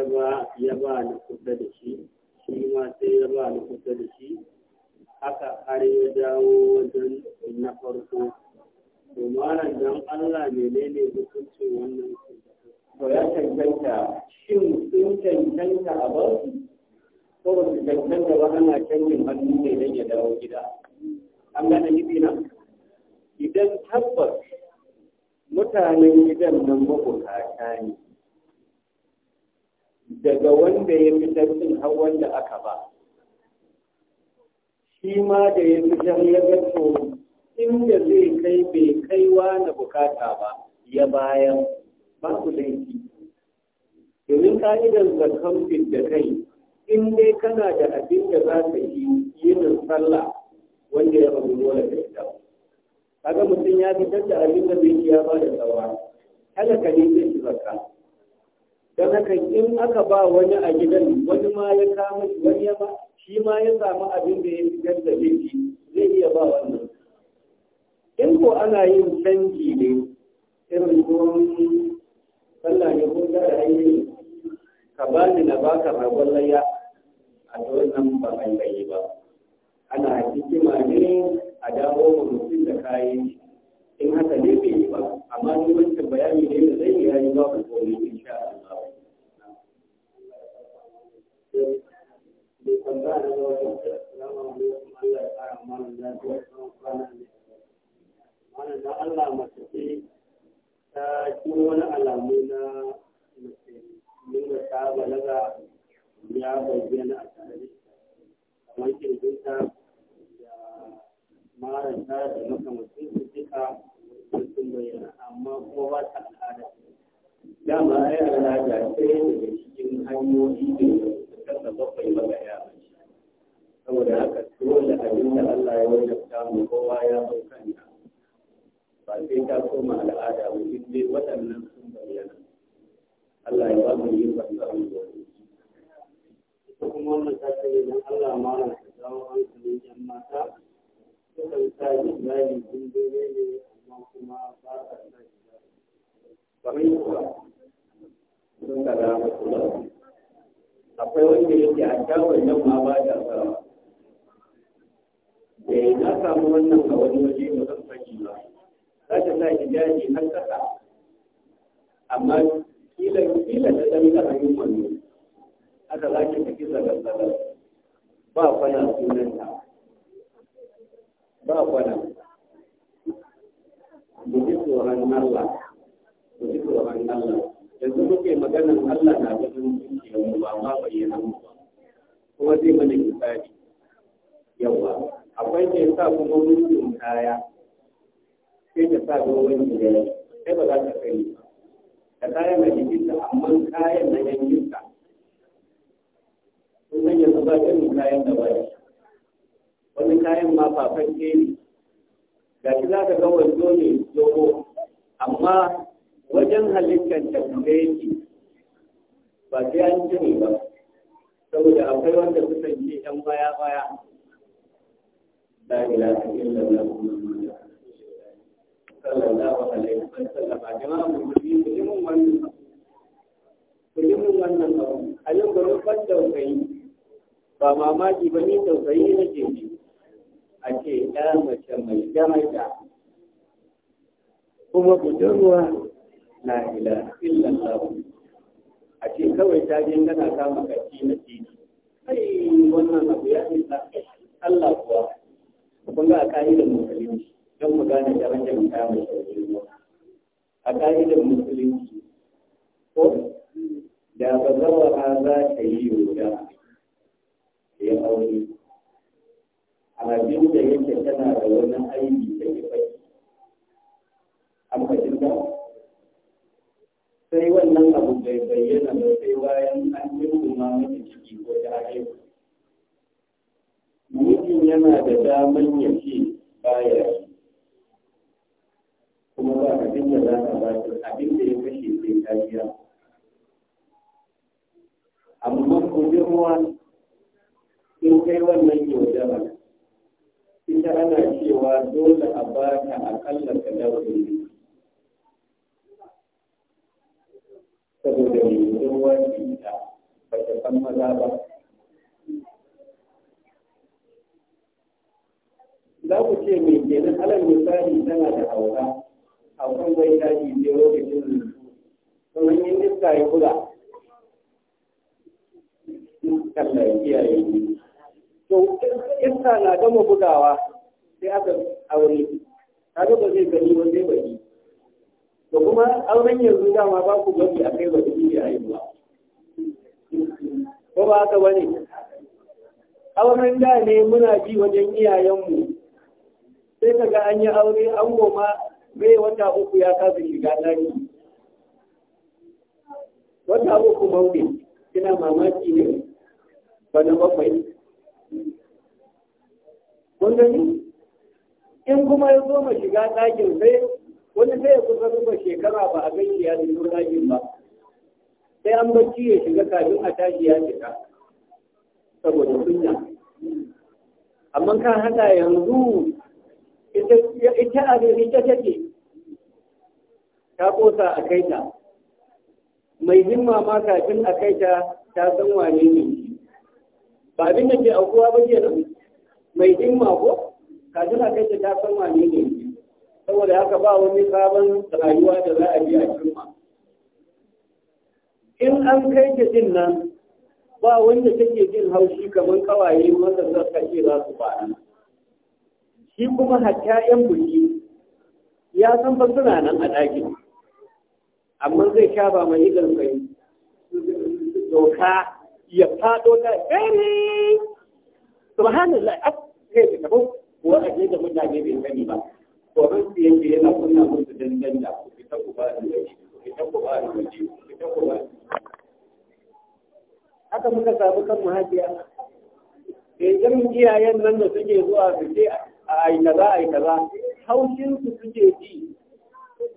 ya ba na kusa da shi, shi ma sai ya ba na kusa da shi, haka har ya dawo wajen na farko. to dan Allah menene hukuncin wannan to ya cancanta shin sun tantanta a ba su ko ba su cancanta ba ana canjin hannu ne dan ya dawo gida an gane gidi na idan tabbas mutanen gidan nan mabukata ne daga wanda ya fi sun har wanda aka ba shi ma da ya fitar ya ga to da zai kai bai kai na bukata ba ya bayan ba babu laifi domin ka'idar zakan da kai in dai kana da abin da za ka yi yin sallah wanda ya rabu dole da ita kaga mutum ya fitar da abin da zai ya ba da tsawa ka ne zai shi zakka don haka in aka ba wani a gidan wani ma ya kama shi wani ya ba shi ma ya samu abin da ya fitar da zai ana yin canji ne irin ruwan sallah ne ko da ayi ka ba ni na baka rabon laya a nan ba mai bai ba ana hikima ne a dawo wa mutum da kayan in haka ne bai yi ba amma ni wancan bayani ne da zai yi rayu ba ku komai insha Allah Thank you. wannan Allah masu ce ta cikin wani alamu na mace nuna ta balaga ya bayyana a tare da kamar kirginta da maranta da makamacin su duka sun bayyana amma kuma ba ta al'ada dama ai al'ada sai daga cikin hanyoyi da kasa bakwai ba ga yara saboda haka dole abin da Allah ya wajabta mu kowa ya hau kanta ba sai ta koma al'ada wajen dai waɗannan sun bayyana Allah ya ba mu yi fasara da ita kuma wannan ta ce idan Allah ma na ta dawo hankalin yan mata sukan sa hijabi sun dole ne amma kuma ba sa sa hijabi ba mai kuwa sun ka da ba. akwai wanda yake a kyawun nan ma ba da sa eh na samu wannan a wani waje ba zan saki ba za ta yi hijabi na kasa amma kila kila da dan da hanyar wani aka za ki tafi zagar-zagar ba kwana sunanta ba kwana mu ji tsoron Allah mu ji tsoron Allah yanzu muke maganar Allah na gudun zuciyarmu ba ma bayyana mu ba kuma zai mana hisabi yawa akwai ne sa kuma mutum kaya sai ka sa da gida sai ba za ta kai ba Ka kayan na jikinta amma kayan na yankinka. sun zanya su ba irin kayan da ba wani kayan ma fafakke ne ga shi za ka ga wando ne dogo amma wajen halittar da kuma yake ba sai an ne ba saboda akwai wanda suka ce yan baya baya la ilaha illallah sallallahu wannan a yau ban ba mamaki ba ni tausayi nake ji a ce ya mace mai daraja kuma budurwa na ila illallahu a ce kawai ta je tana kama kaci na titi ai wannan abu ya isa Allah kuwa kun ga a ka'idar musulunci don mu gane darajar kama shi a ƙa'idar musulunci ko da ba zawa za ta yi yoda ya aure abin da yake tana da wani aiki da ya bai an fahimta sai wannan abu bai bayyana ba sai bayan an yi kuma mata ciki ko ta ake mutum yana da damar ya ce baya shi kuma ba abin da za ka ba abin da ya kashe sai ta biya amma kudin ruwa in kai wannan yaudara ita ana cewa dole a ba ta akalla ka dawo saboda mai ruwa ce ta ba ta san maza ba za ku ce mai kenan alal misali tana da hauka akwai zai tashi sai lokacin zuci kuma yin iska ya kula Allah ya kiyaye ni to iska na gama bugawa sai aka aure kaga ba zai gani ba sai baki da kuma auren yanzu dama ba ku gani a kai baki ne haihuwa ko ba haka ne? auren da ne muna ji wajen iyayenmu sai kaga an yi aure an goma mai wata uku ya kasa shiga lari wata uku mawuyi ina mamaki ne ba na bakwai kun gani in kuma ya zo ma shiga ɗakin sai wani sai ya kusa zuba shekara ba a gaishe ya shigo ɗakin ba sai an bacci ya shiga kafin a tashi ya shiga saboda sunna amma kan haɗa yanzu ita a ta take ta kosa a kai ta mai himma ma kafin a kai ta ta san wane ne ba abin da ke aukuwa ba ke nan mai himma ko kafin a kai ta ta san wane ne saboda haka ba wani sabon rayuwa da za a yi a cimma in an kai ta din nan ba wanda take jin haushi kamar kawaye wanda za ka ce za su fara shi kuma hatta yan buki ya san ba suna nan a ɗakin amma zai sha ba mai idan kai doka ya fado ta ɗari subhanallah a kai da kabo ko a ke da mutane bai sani ba ran su yanke yana kunna musu dandan da ku fita ku ba da waje ku fita ku ba da waje ku fita ku ba haka muka samu kan mahajiya da irin iyayen nan da suke zuwa su ce a a yi kaza ba, yi su suke ji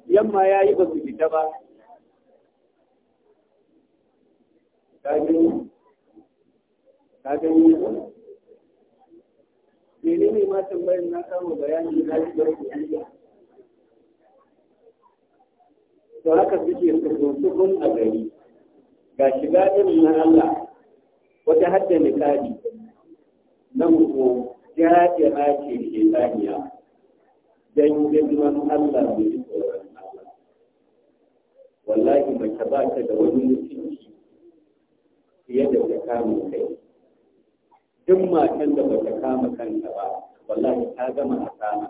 yamma ya yi ba su fita ba kafin kafin mene ne matan bayan na samu bayani na shigar kuɗi to haka suke sukun a gari ga shiga irin na Allah wata hadda nikali na mutum jajira ce ke saniya don girman Allah da ji tsoron Allah. Wallahi mace ba ta da wani mutunci fiye da ta kama kai. Duk matan da ba ta kama kanta ba, wallahi ta gama asana.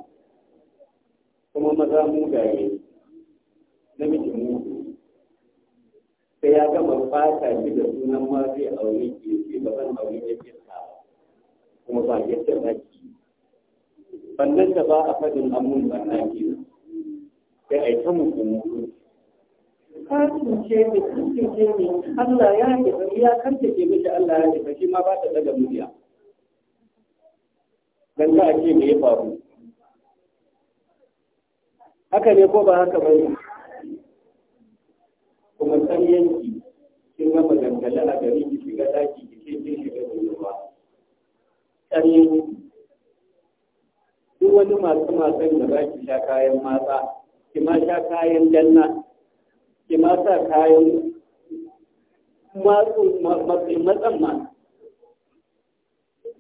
Kuma maza mugaye, namiji mugu, sai ya gama fata shi da sunan mafi aure ke ce ba zan aure ya kuma ba yadda za ki bannan da ba a faɗin amun banna ke sai a yi ta mutum ka ce ni kun ce ni Allah ya nufa ya kanta ke miki Allah ya nufa shi ma ba ta daga murya dan za a ce me ya faru haka ne ko ba haka ba ne kuma san yanki kin ga maganganu a gari duk wani masu masu da za ki sha kayan matsa ki ma sha kayan danna ki ma sa kayan matsan ma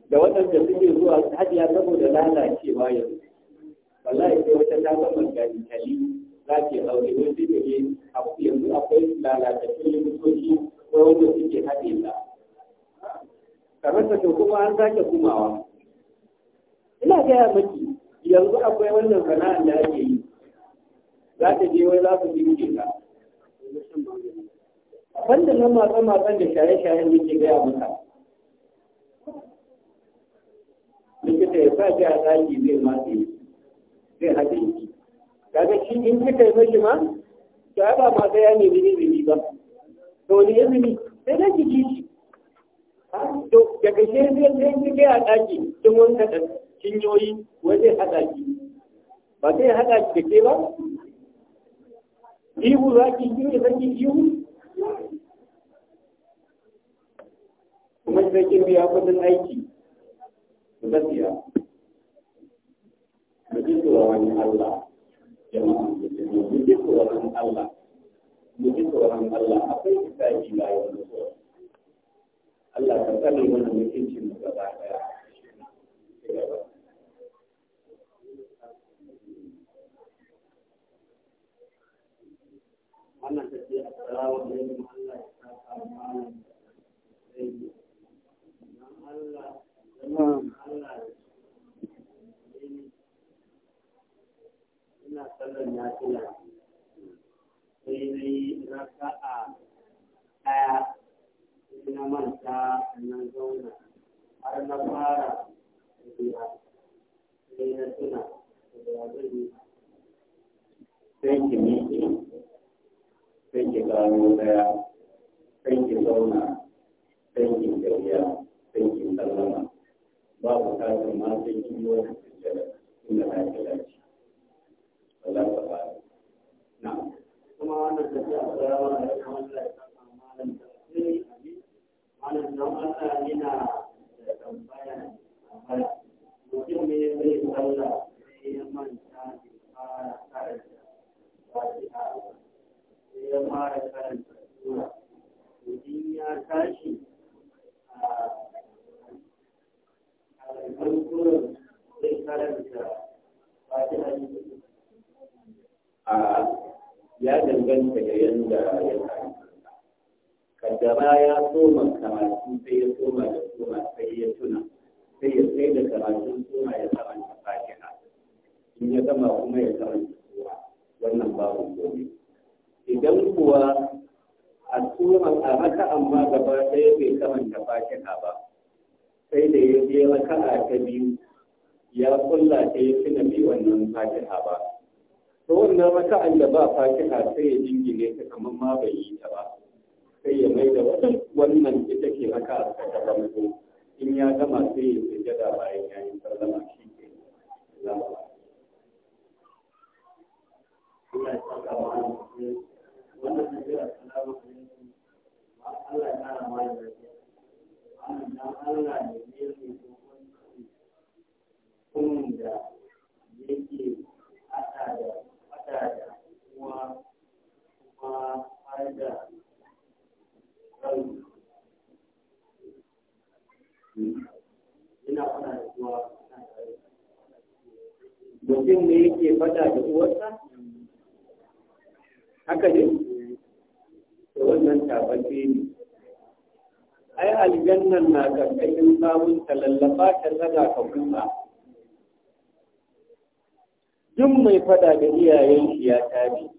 da waɗanda suke zuwa hajiya saboda lalacewa yanzu wallahi sai wata ta zama gantali za ki aure wani suke yanzu akwai lalatattun likitoci ko wanda suke haɗe ta kamar to kuma an sake kumawa ina gaya maki yanzu akwai wannan sana'ar da ake yi za ta je wai za su dinke ka banda nan matsa-matsan da shaye-shayen yake gaya maka likita ya sa ji a tsaki zai matse zai haɗe ki kaga shi in kika yi mashi ma to ai ba ma ga ya nemi ne ba to ya izini sai dan ki ci to daga shi zai zai ki kai a ɗaki kin wanka da cinyoyi wai haɗa ki ba zai haɗa ki da ke ba ihu za ki yi ne yi ihu kuma sai kin biya aiki ku gaskiya mu ji tsoron Allah jama'a mu ji tsoron Allah mu ji tsoron Allah akwai kitabi bayan tsoron Allah ka tsare mana mutuncin mu gaba daya wannan ta ce assalamu alaikum Allah ya saka malam zai yi dan Allah dan Allah ina sallar lafiya sai na yi raka'a ɗaya sai na manta nan zauna har na fara biya sai na tuna da ya zan yi sai ki miƙe sai ki gano daya sai ki zauna sai ki tafiya sai ki sallama babu tashin ma sai ki yi wata sujjada inda na ki dace Allah ta ba na kuma wannan tafiya da yawa da ya kamata ya kama malam ta. malam don yana da tambaya tambaya mutum ne zai sallah sai ya manta fara sai ya fara tashi a karɓar sura zai ya danganta da yadda ya karanta kaddara ya soma karatu sai ya soma da soma sai ya tuna sai ya sai da karatun soma ya karanta fatiha in ya gama kuma ya karanta sura wannan babu komai idan kuwa a soma a raka amma gaba ɗaya bai karanta fatiha ba sai da ya je raka'a ta biyu ya kulla ta ya tuna bai wannan fatiha ba to wannan raka'an da ba fatiha sai ya jingine ta kamar ma bai yi ta ba sai ya mai da wannan ita ke raka a ta farko in ya gama sai ya sujada bayan ya yi sallama shi ke zama Allah ya saka wa wannan sujada sallama Allah ya kara mai da Allah ne mutum ne yake fada da uwarsa haka ne da wannan tabbace ne ai aljannan na ƙarƙashin samun ta lallaba ta zaga ka kuma duk mai fada da iyayen shi ya tabi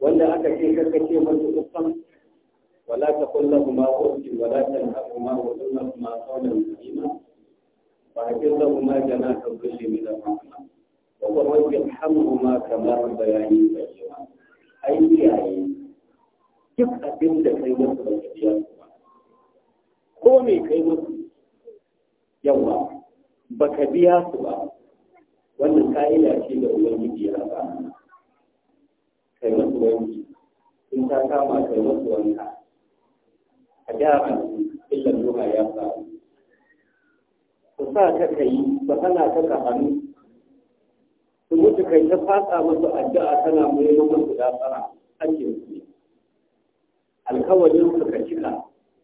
wanda aka ce karkace masa uffan wala ta kuma uffin wala ta hakuma wa dunnahuma qawlan karima فحفظهما جناح الظل من الرحمة وهو يرحمهما كما ربياني صغيرا أي iyaye duk abin da kai musu da ba ko me kai musu yawa baka biya su ba wannan ka'ida ce da ubangiji ya ba kai musu in ta kama kai musu wanka a da illan ruha ya faru su sa ka ka yi ba hana ka ka hannu su mutu kai ta fasa masu addu'a tana mai musu da tsara ake musu alkawarin su ka cika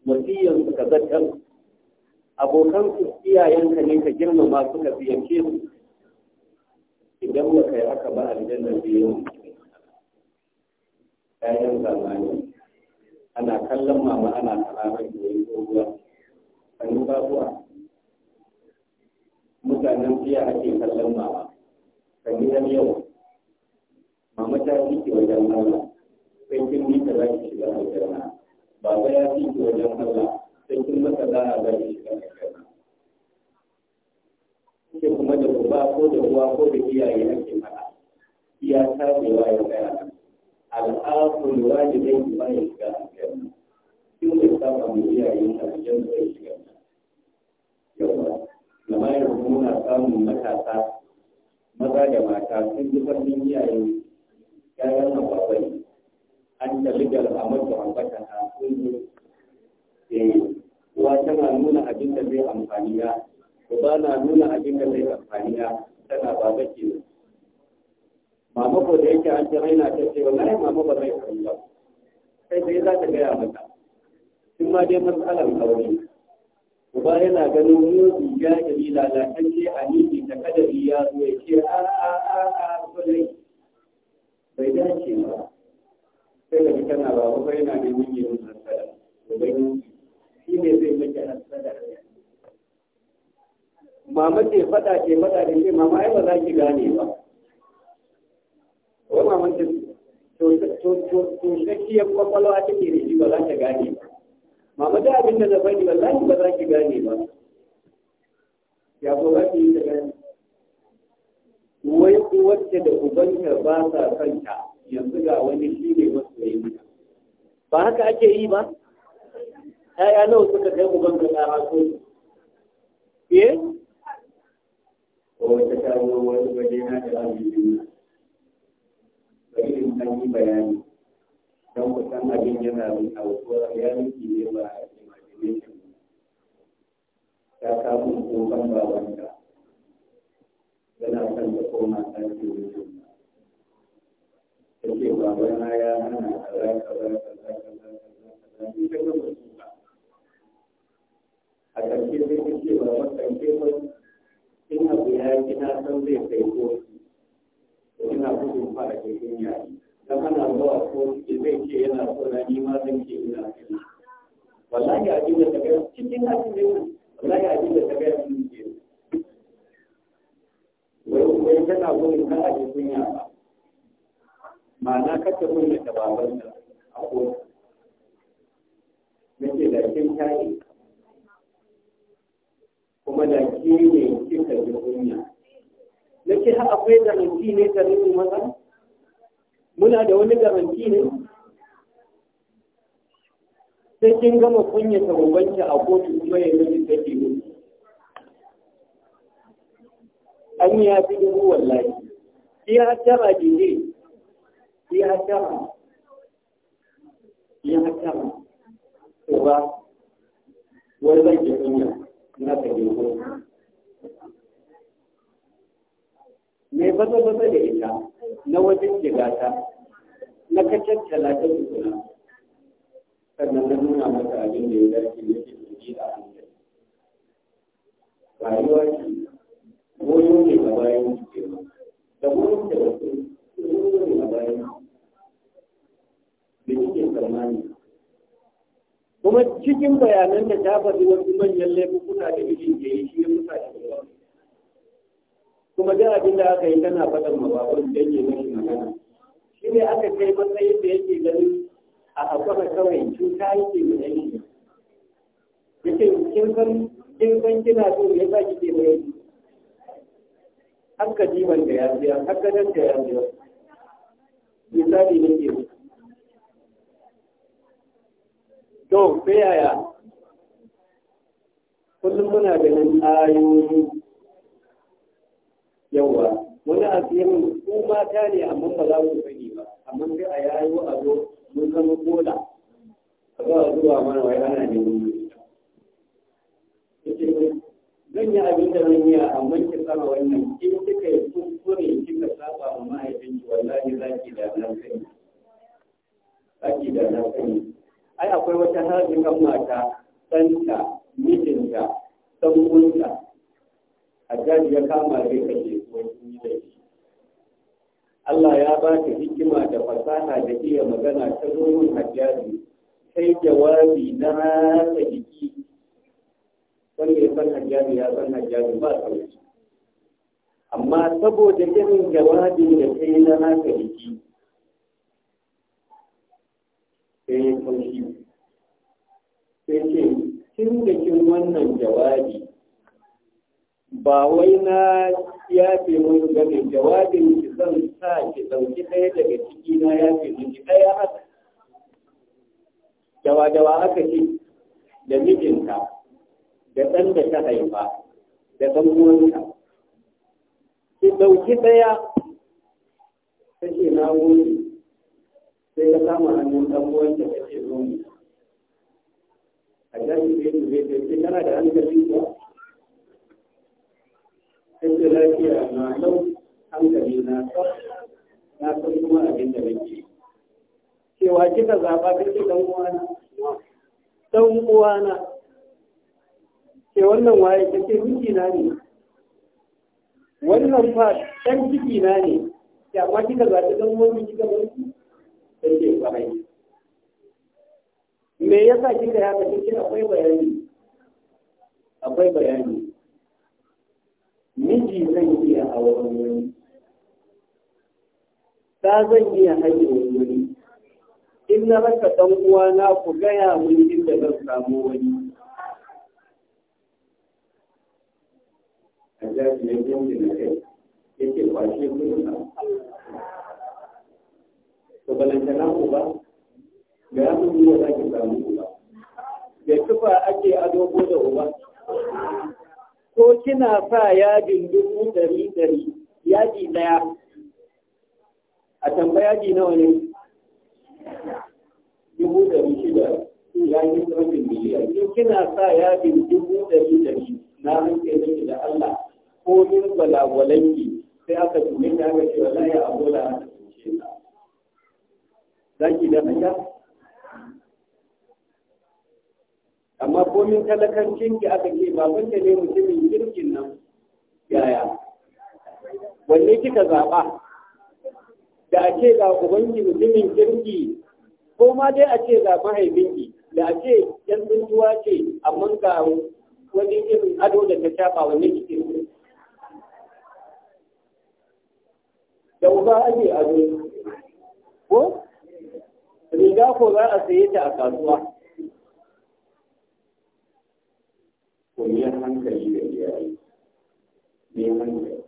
wasiyan su ka zartar abokan su iyayenka ne ka girmama su ka ziyarce su idan ba kai haka ba aljanna zai yi ƴaƴan zamani ana kallon mama ana kalarar da yi tsohuwa sannu babuwa mutanen jiya ake kallon mama ka gidan yau mama ta fi ki wajen Allah sai kin bi ta za ki shiga aljanna baba ya fi ki wajen Allah sai kin masa da'a za ki shiga aljanna Sai kuma da uba ko da uwa ko da iyaye ake faɗa iya tabewa ya tsaya al'afun wajibin ba ya shiga aljanna kin bai saba mu iyayen aljanna zai shiga kamar yadda kuma na samun matasa maza da mata sun ji farin iyaye yayan ababai an da ligar amurka ambata na sun yi eh tana nuna abin da zai amfani ya uba na nuna abin da zai amfani ya tana baba ke mama ko da yake an ce raina ta ce wallahi mama ba zai ba. sai dai za ta gaya mata in ma dai matsalar aure uba yana ganin mugu ya gari lalatacce a niki ta kadari ya zo ya ce a a a a bai dace ba sai da tana yin shi ne zai mama ce fada ce fada da ce mama ai ba za ki gane ba mama ce to to to to kwakwalwa take da shi ba za ta gane ba mama da abin da na faɗi wallahi ba za ki gane ba ya ko ba ki yi ta gane wai wacce da ubanta ba sa kanta yanzu ga wani shi ne masoyin ba haka ake yi ba ‘ya'ya nawa suka kai uban ga ɗara ko fiye? wata ta zo wani gaje na da abin da yi bayani don ku san abin yana nuna wasu reality ne ba a imagination ta kamun tsohon wanda. yana son ta koma sake wucin ta ce babana ya hana kaza kaza kaza kaza kaza kaza ni ta gaba su ba a ƙarshe ce baban ƙarshe ba na san zai kai ko ina gudun fara cikin yayi don ana zuwa ko zai ce yana tsora ni ma zan ce ina kai wallahi a jin da ta gaya cikin hajji ne wallahi a jin da ta gaya sun wai wai tana gudun kan a jikin Ba ma'ana kata gudun da baban da a kotu nake da kin tayi kuma da ke ne kika ji kunya nake har akwai da ne ta nuna maza muna da wani garanti ne sai kin gama kunyata babanta a kotu kuma ya yi da take ne an yi ya fi dubu wallahi shi ya tara jide shi ya tara ya tara to ba wani zai ke kunya na ta gina mai baza-baza da ita na wajen jigata na kacar talatin tukuna sannan na nuna mata abin da ya dace na ke tuki a hankali rayuwa ce goyo ne a bayan jike ba, da goyon da wasu goyo ne a bayan da kike tsammani kuma cikin bayanan da ta faɗi wasu manyan laifukuna da bikin ke yi shi ya musa shi kuma da abin da aka yi tana faɗin mababin da yake mashi magana shi ne aka kai matsayin da yake ganin a akwai kawai cuta yake mai yanki yake kin san kin san kina so ya sa ki ke mai haka jiban da ya biya haka nan da ya biya misali ne ke to sai yaya kullum muna ganin ayoyi yawa wani asirin ko mata ne amma ba za ku sani ba amma sai a yayo wa azo mun zama kola a zuwa zuwa mana wai ana neman mu zan yi abin da zan yi amma ki sama wannan in kika yi kuskure kika saba ma mahaifinki wallahi za ki da nan sani za ki da nan sani ai akwai wata kan mata ɗanta mijinta ɗan a hajjaji ya kama zai kake Allah ya ba ka hikima da fasaha da iya magana ta zuwa hajjabi sai jawabi na rasa jiki wanda ya san hajjabi ya san hajjabi ba sauki amma saboda irin jawabi da sai na rasa jiki sai ya sauki sai ce kin da kin wannan jawabi ba wai na yafe mun ganin, jawabin ki zan sa ki ɗauki ɗaya daga ciki na yafe mun ki ɗaya haka dawa dawa aka ce da mijinta da ɗan da ta haifa da ɗan uwanta ki ɗauki ɗaya ta ce na gode sai ya samu hannun ɗan uwanta ta ce zo a jami'in da ya ce tana da hankali ba sai lafiya na lau hankali na na san kuma abin da nake cewa kika zaba kake dan uwana dan uwana ke wannan waye kake miki na ne wannan fa dan ciki na ne ya ma kika zabi dan uwan kika barki sai ke kwarai me yasa kika haka kike akwai bayani akwai bayani miji zan iya auren wani ta zan iya haihuwar wani in na raka ɗan uwana ku gaya mun inda zan samu wani a jajiyar yankin da na kai yake kwashe kudin to balantana ku ba ga ya yi wa za ki samu ku ba da tufa ake ado ko da uba ko kina sa yajin dubu dari dari yaji daya a tambaya yaji nawa ne dubu dari shida yaji rabin biliyan ko kina sa yajin dubu dari dari na rike ne da Allah ko min gwalagwalanki sai aka tuni ta ga cewa la ya abola a cikin za ki da hanya amma komin talakancin ki aka ce baban da ne mutumin kirkin nan yaya wanne kika zaɓa da a ce ga ubangi mutumin kirki ko ma dai a ce ga mahaifinki da a ce yan tsuntuwa ce amma ga wani irin ado da ta shafa wanne kike da uba ake ado ko riga ko za a saye ta a kasuwa ko me hankali da iyaye me hankali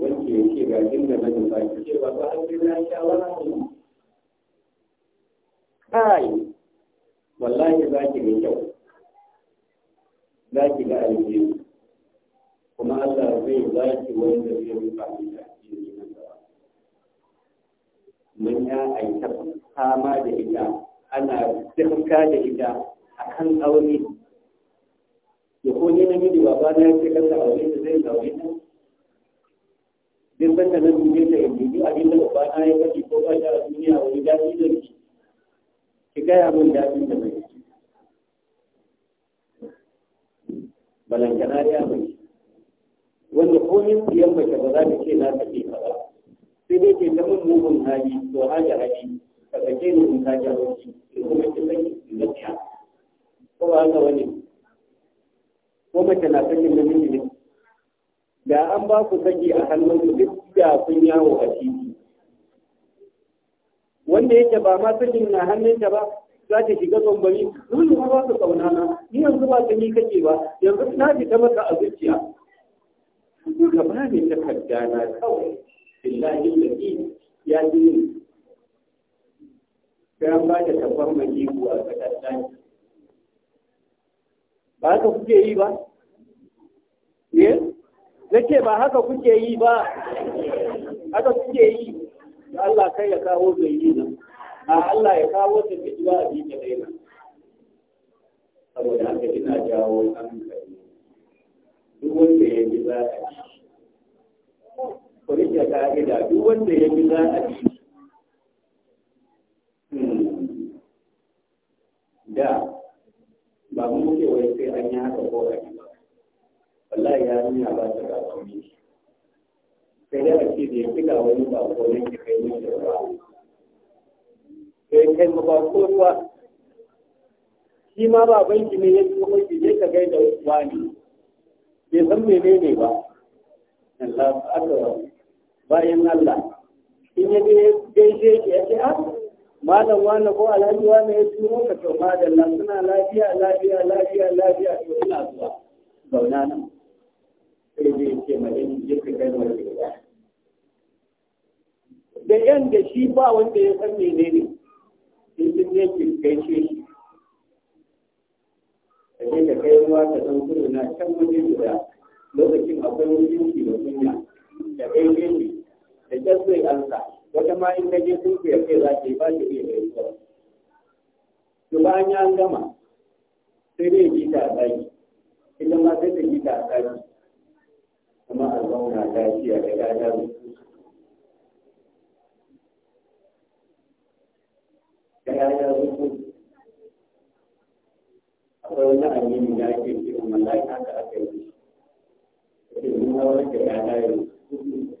wanda ya ce ga inda na nufa ki ce ba ba hankali na shawara ne kai wallahi za ki mai kyau za ki ga alheri kuma Allah zai ba ki wanda zai rufa miki alheri nan gaba mun ya aita fama da ita ana dirka da ita akan aure da ko ni namiji ba ba na yake kanta a wajen da zai zaune ta duk sanda na duniya ta yanzu duk abin da ba na ya faɗi ko ba shi a duniya wani daɗi da ki ki gaya min daɗin da mai balangana ya mai wanda ko ni siyan mace ba za ta ce na ta ke ba sai dai ke ta mun mugun hali to haja hali ka sake ni in ka jawo ki kuma ki sake ki gaskiya ko ba haka wani ko mace na sakin namiji ne da an ba ku saki a su duk da sun yawo a titi wanda yake ba ma sakin na hannun ta ba za ta shiga zombami yanzu ba su kauna na ni yanzu ba ta ni kake ba yanzu na ta maka a zuciya ka ba takarda na kawai billahi laki ya ji ni ba ta tabbar mai a ba haka kuke yi ba ne eh? nake ba haka kuke yi ba haka kuke yi Allah kai ya kawo zai yi nan a Allah ya kawo ta ba a jika dai nan saboda haka ina jawo hankali duk wanda ya bi za a ci ku rike ka'ida duk wanda ya bi za a ci hmm. da ba mu muke wai sai an yi haka ko a ba wallahi ya nuna ba ta da kauni sai da ake da ya fi ga wani ba ko ne ke kai ne da ba sai kai mu ba ko ba shi ma ba banki ne ya ci kai je ka gaida wani bai san menene ba Allah aka bayan Allah in ya gaishe ki ya ce ah malam wani ko alhaji wani ya turo ka to madalla suna lafiya lafiya lafiya lafiya to suna zuwa zauna nan sai ya ce ma in je ka kai wani da yan da shi ba wanda ya san menene in sun je ke gaishe shi ka je ka kai ruwa ka san kudu na can waje guda lokacin akwai wani yanki da kunya da gaishe shi da kyan zai ansa wata ma in gaje sun ku yake za ki ba iya mai zuwa to bayan ya gama sai dai ji ta tsaki ita ma sai ta ji ta tsaki kuma a zauna ta da gada da gada rufu akwai wani amini da ake ce wa mala'ika da aka yi shi nuna wani rufu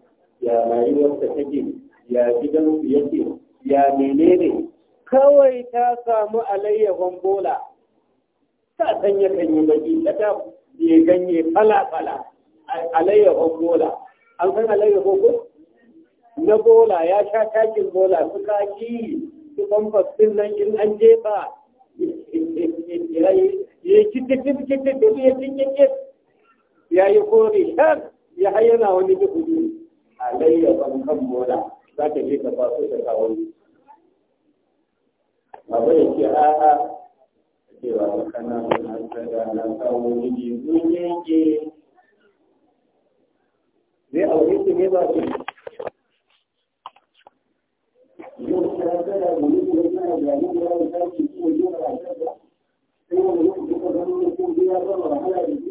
ya rayuwarsa take ya su yake ya menene kawai ta samu alayyahon bola ta sanya kanyi baki da ta ganye fala-fala alayyahon bola an san alayyahon ko na bola ya sha takin bola su kaki su bambas din nan in an jefa ya yi cikin ya yi kore ya wani duhu alayyafan kan bola za ta je ta faso ta kawo Baba ya ce ce ba kana na kawo mun yanke zai aure ne ba ki yau ta mu ne ko da ni ta ko ta sai ne ko ko ya wahala da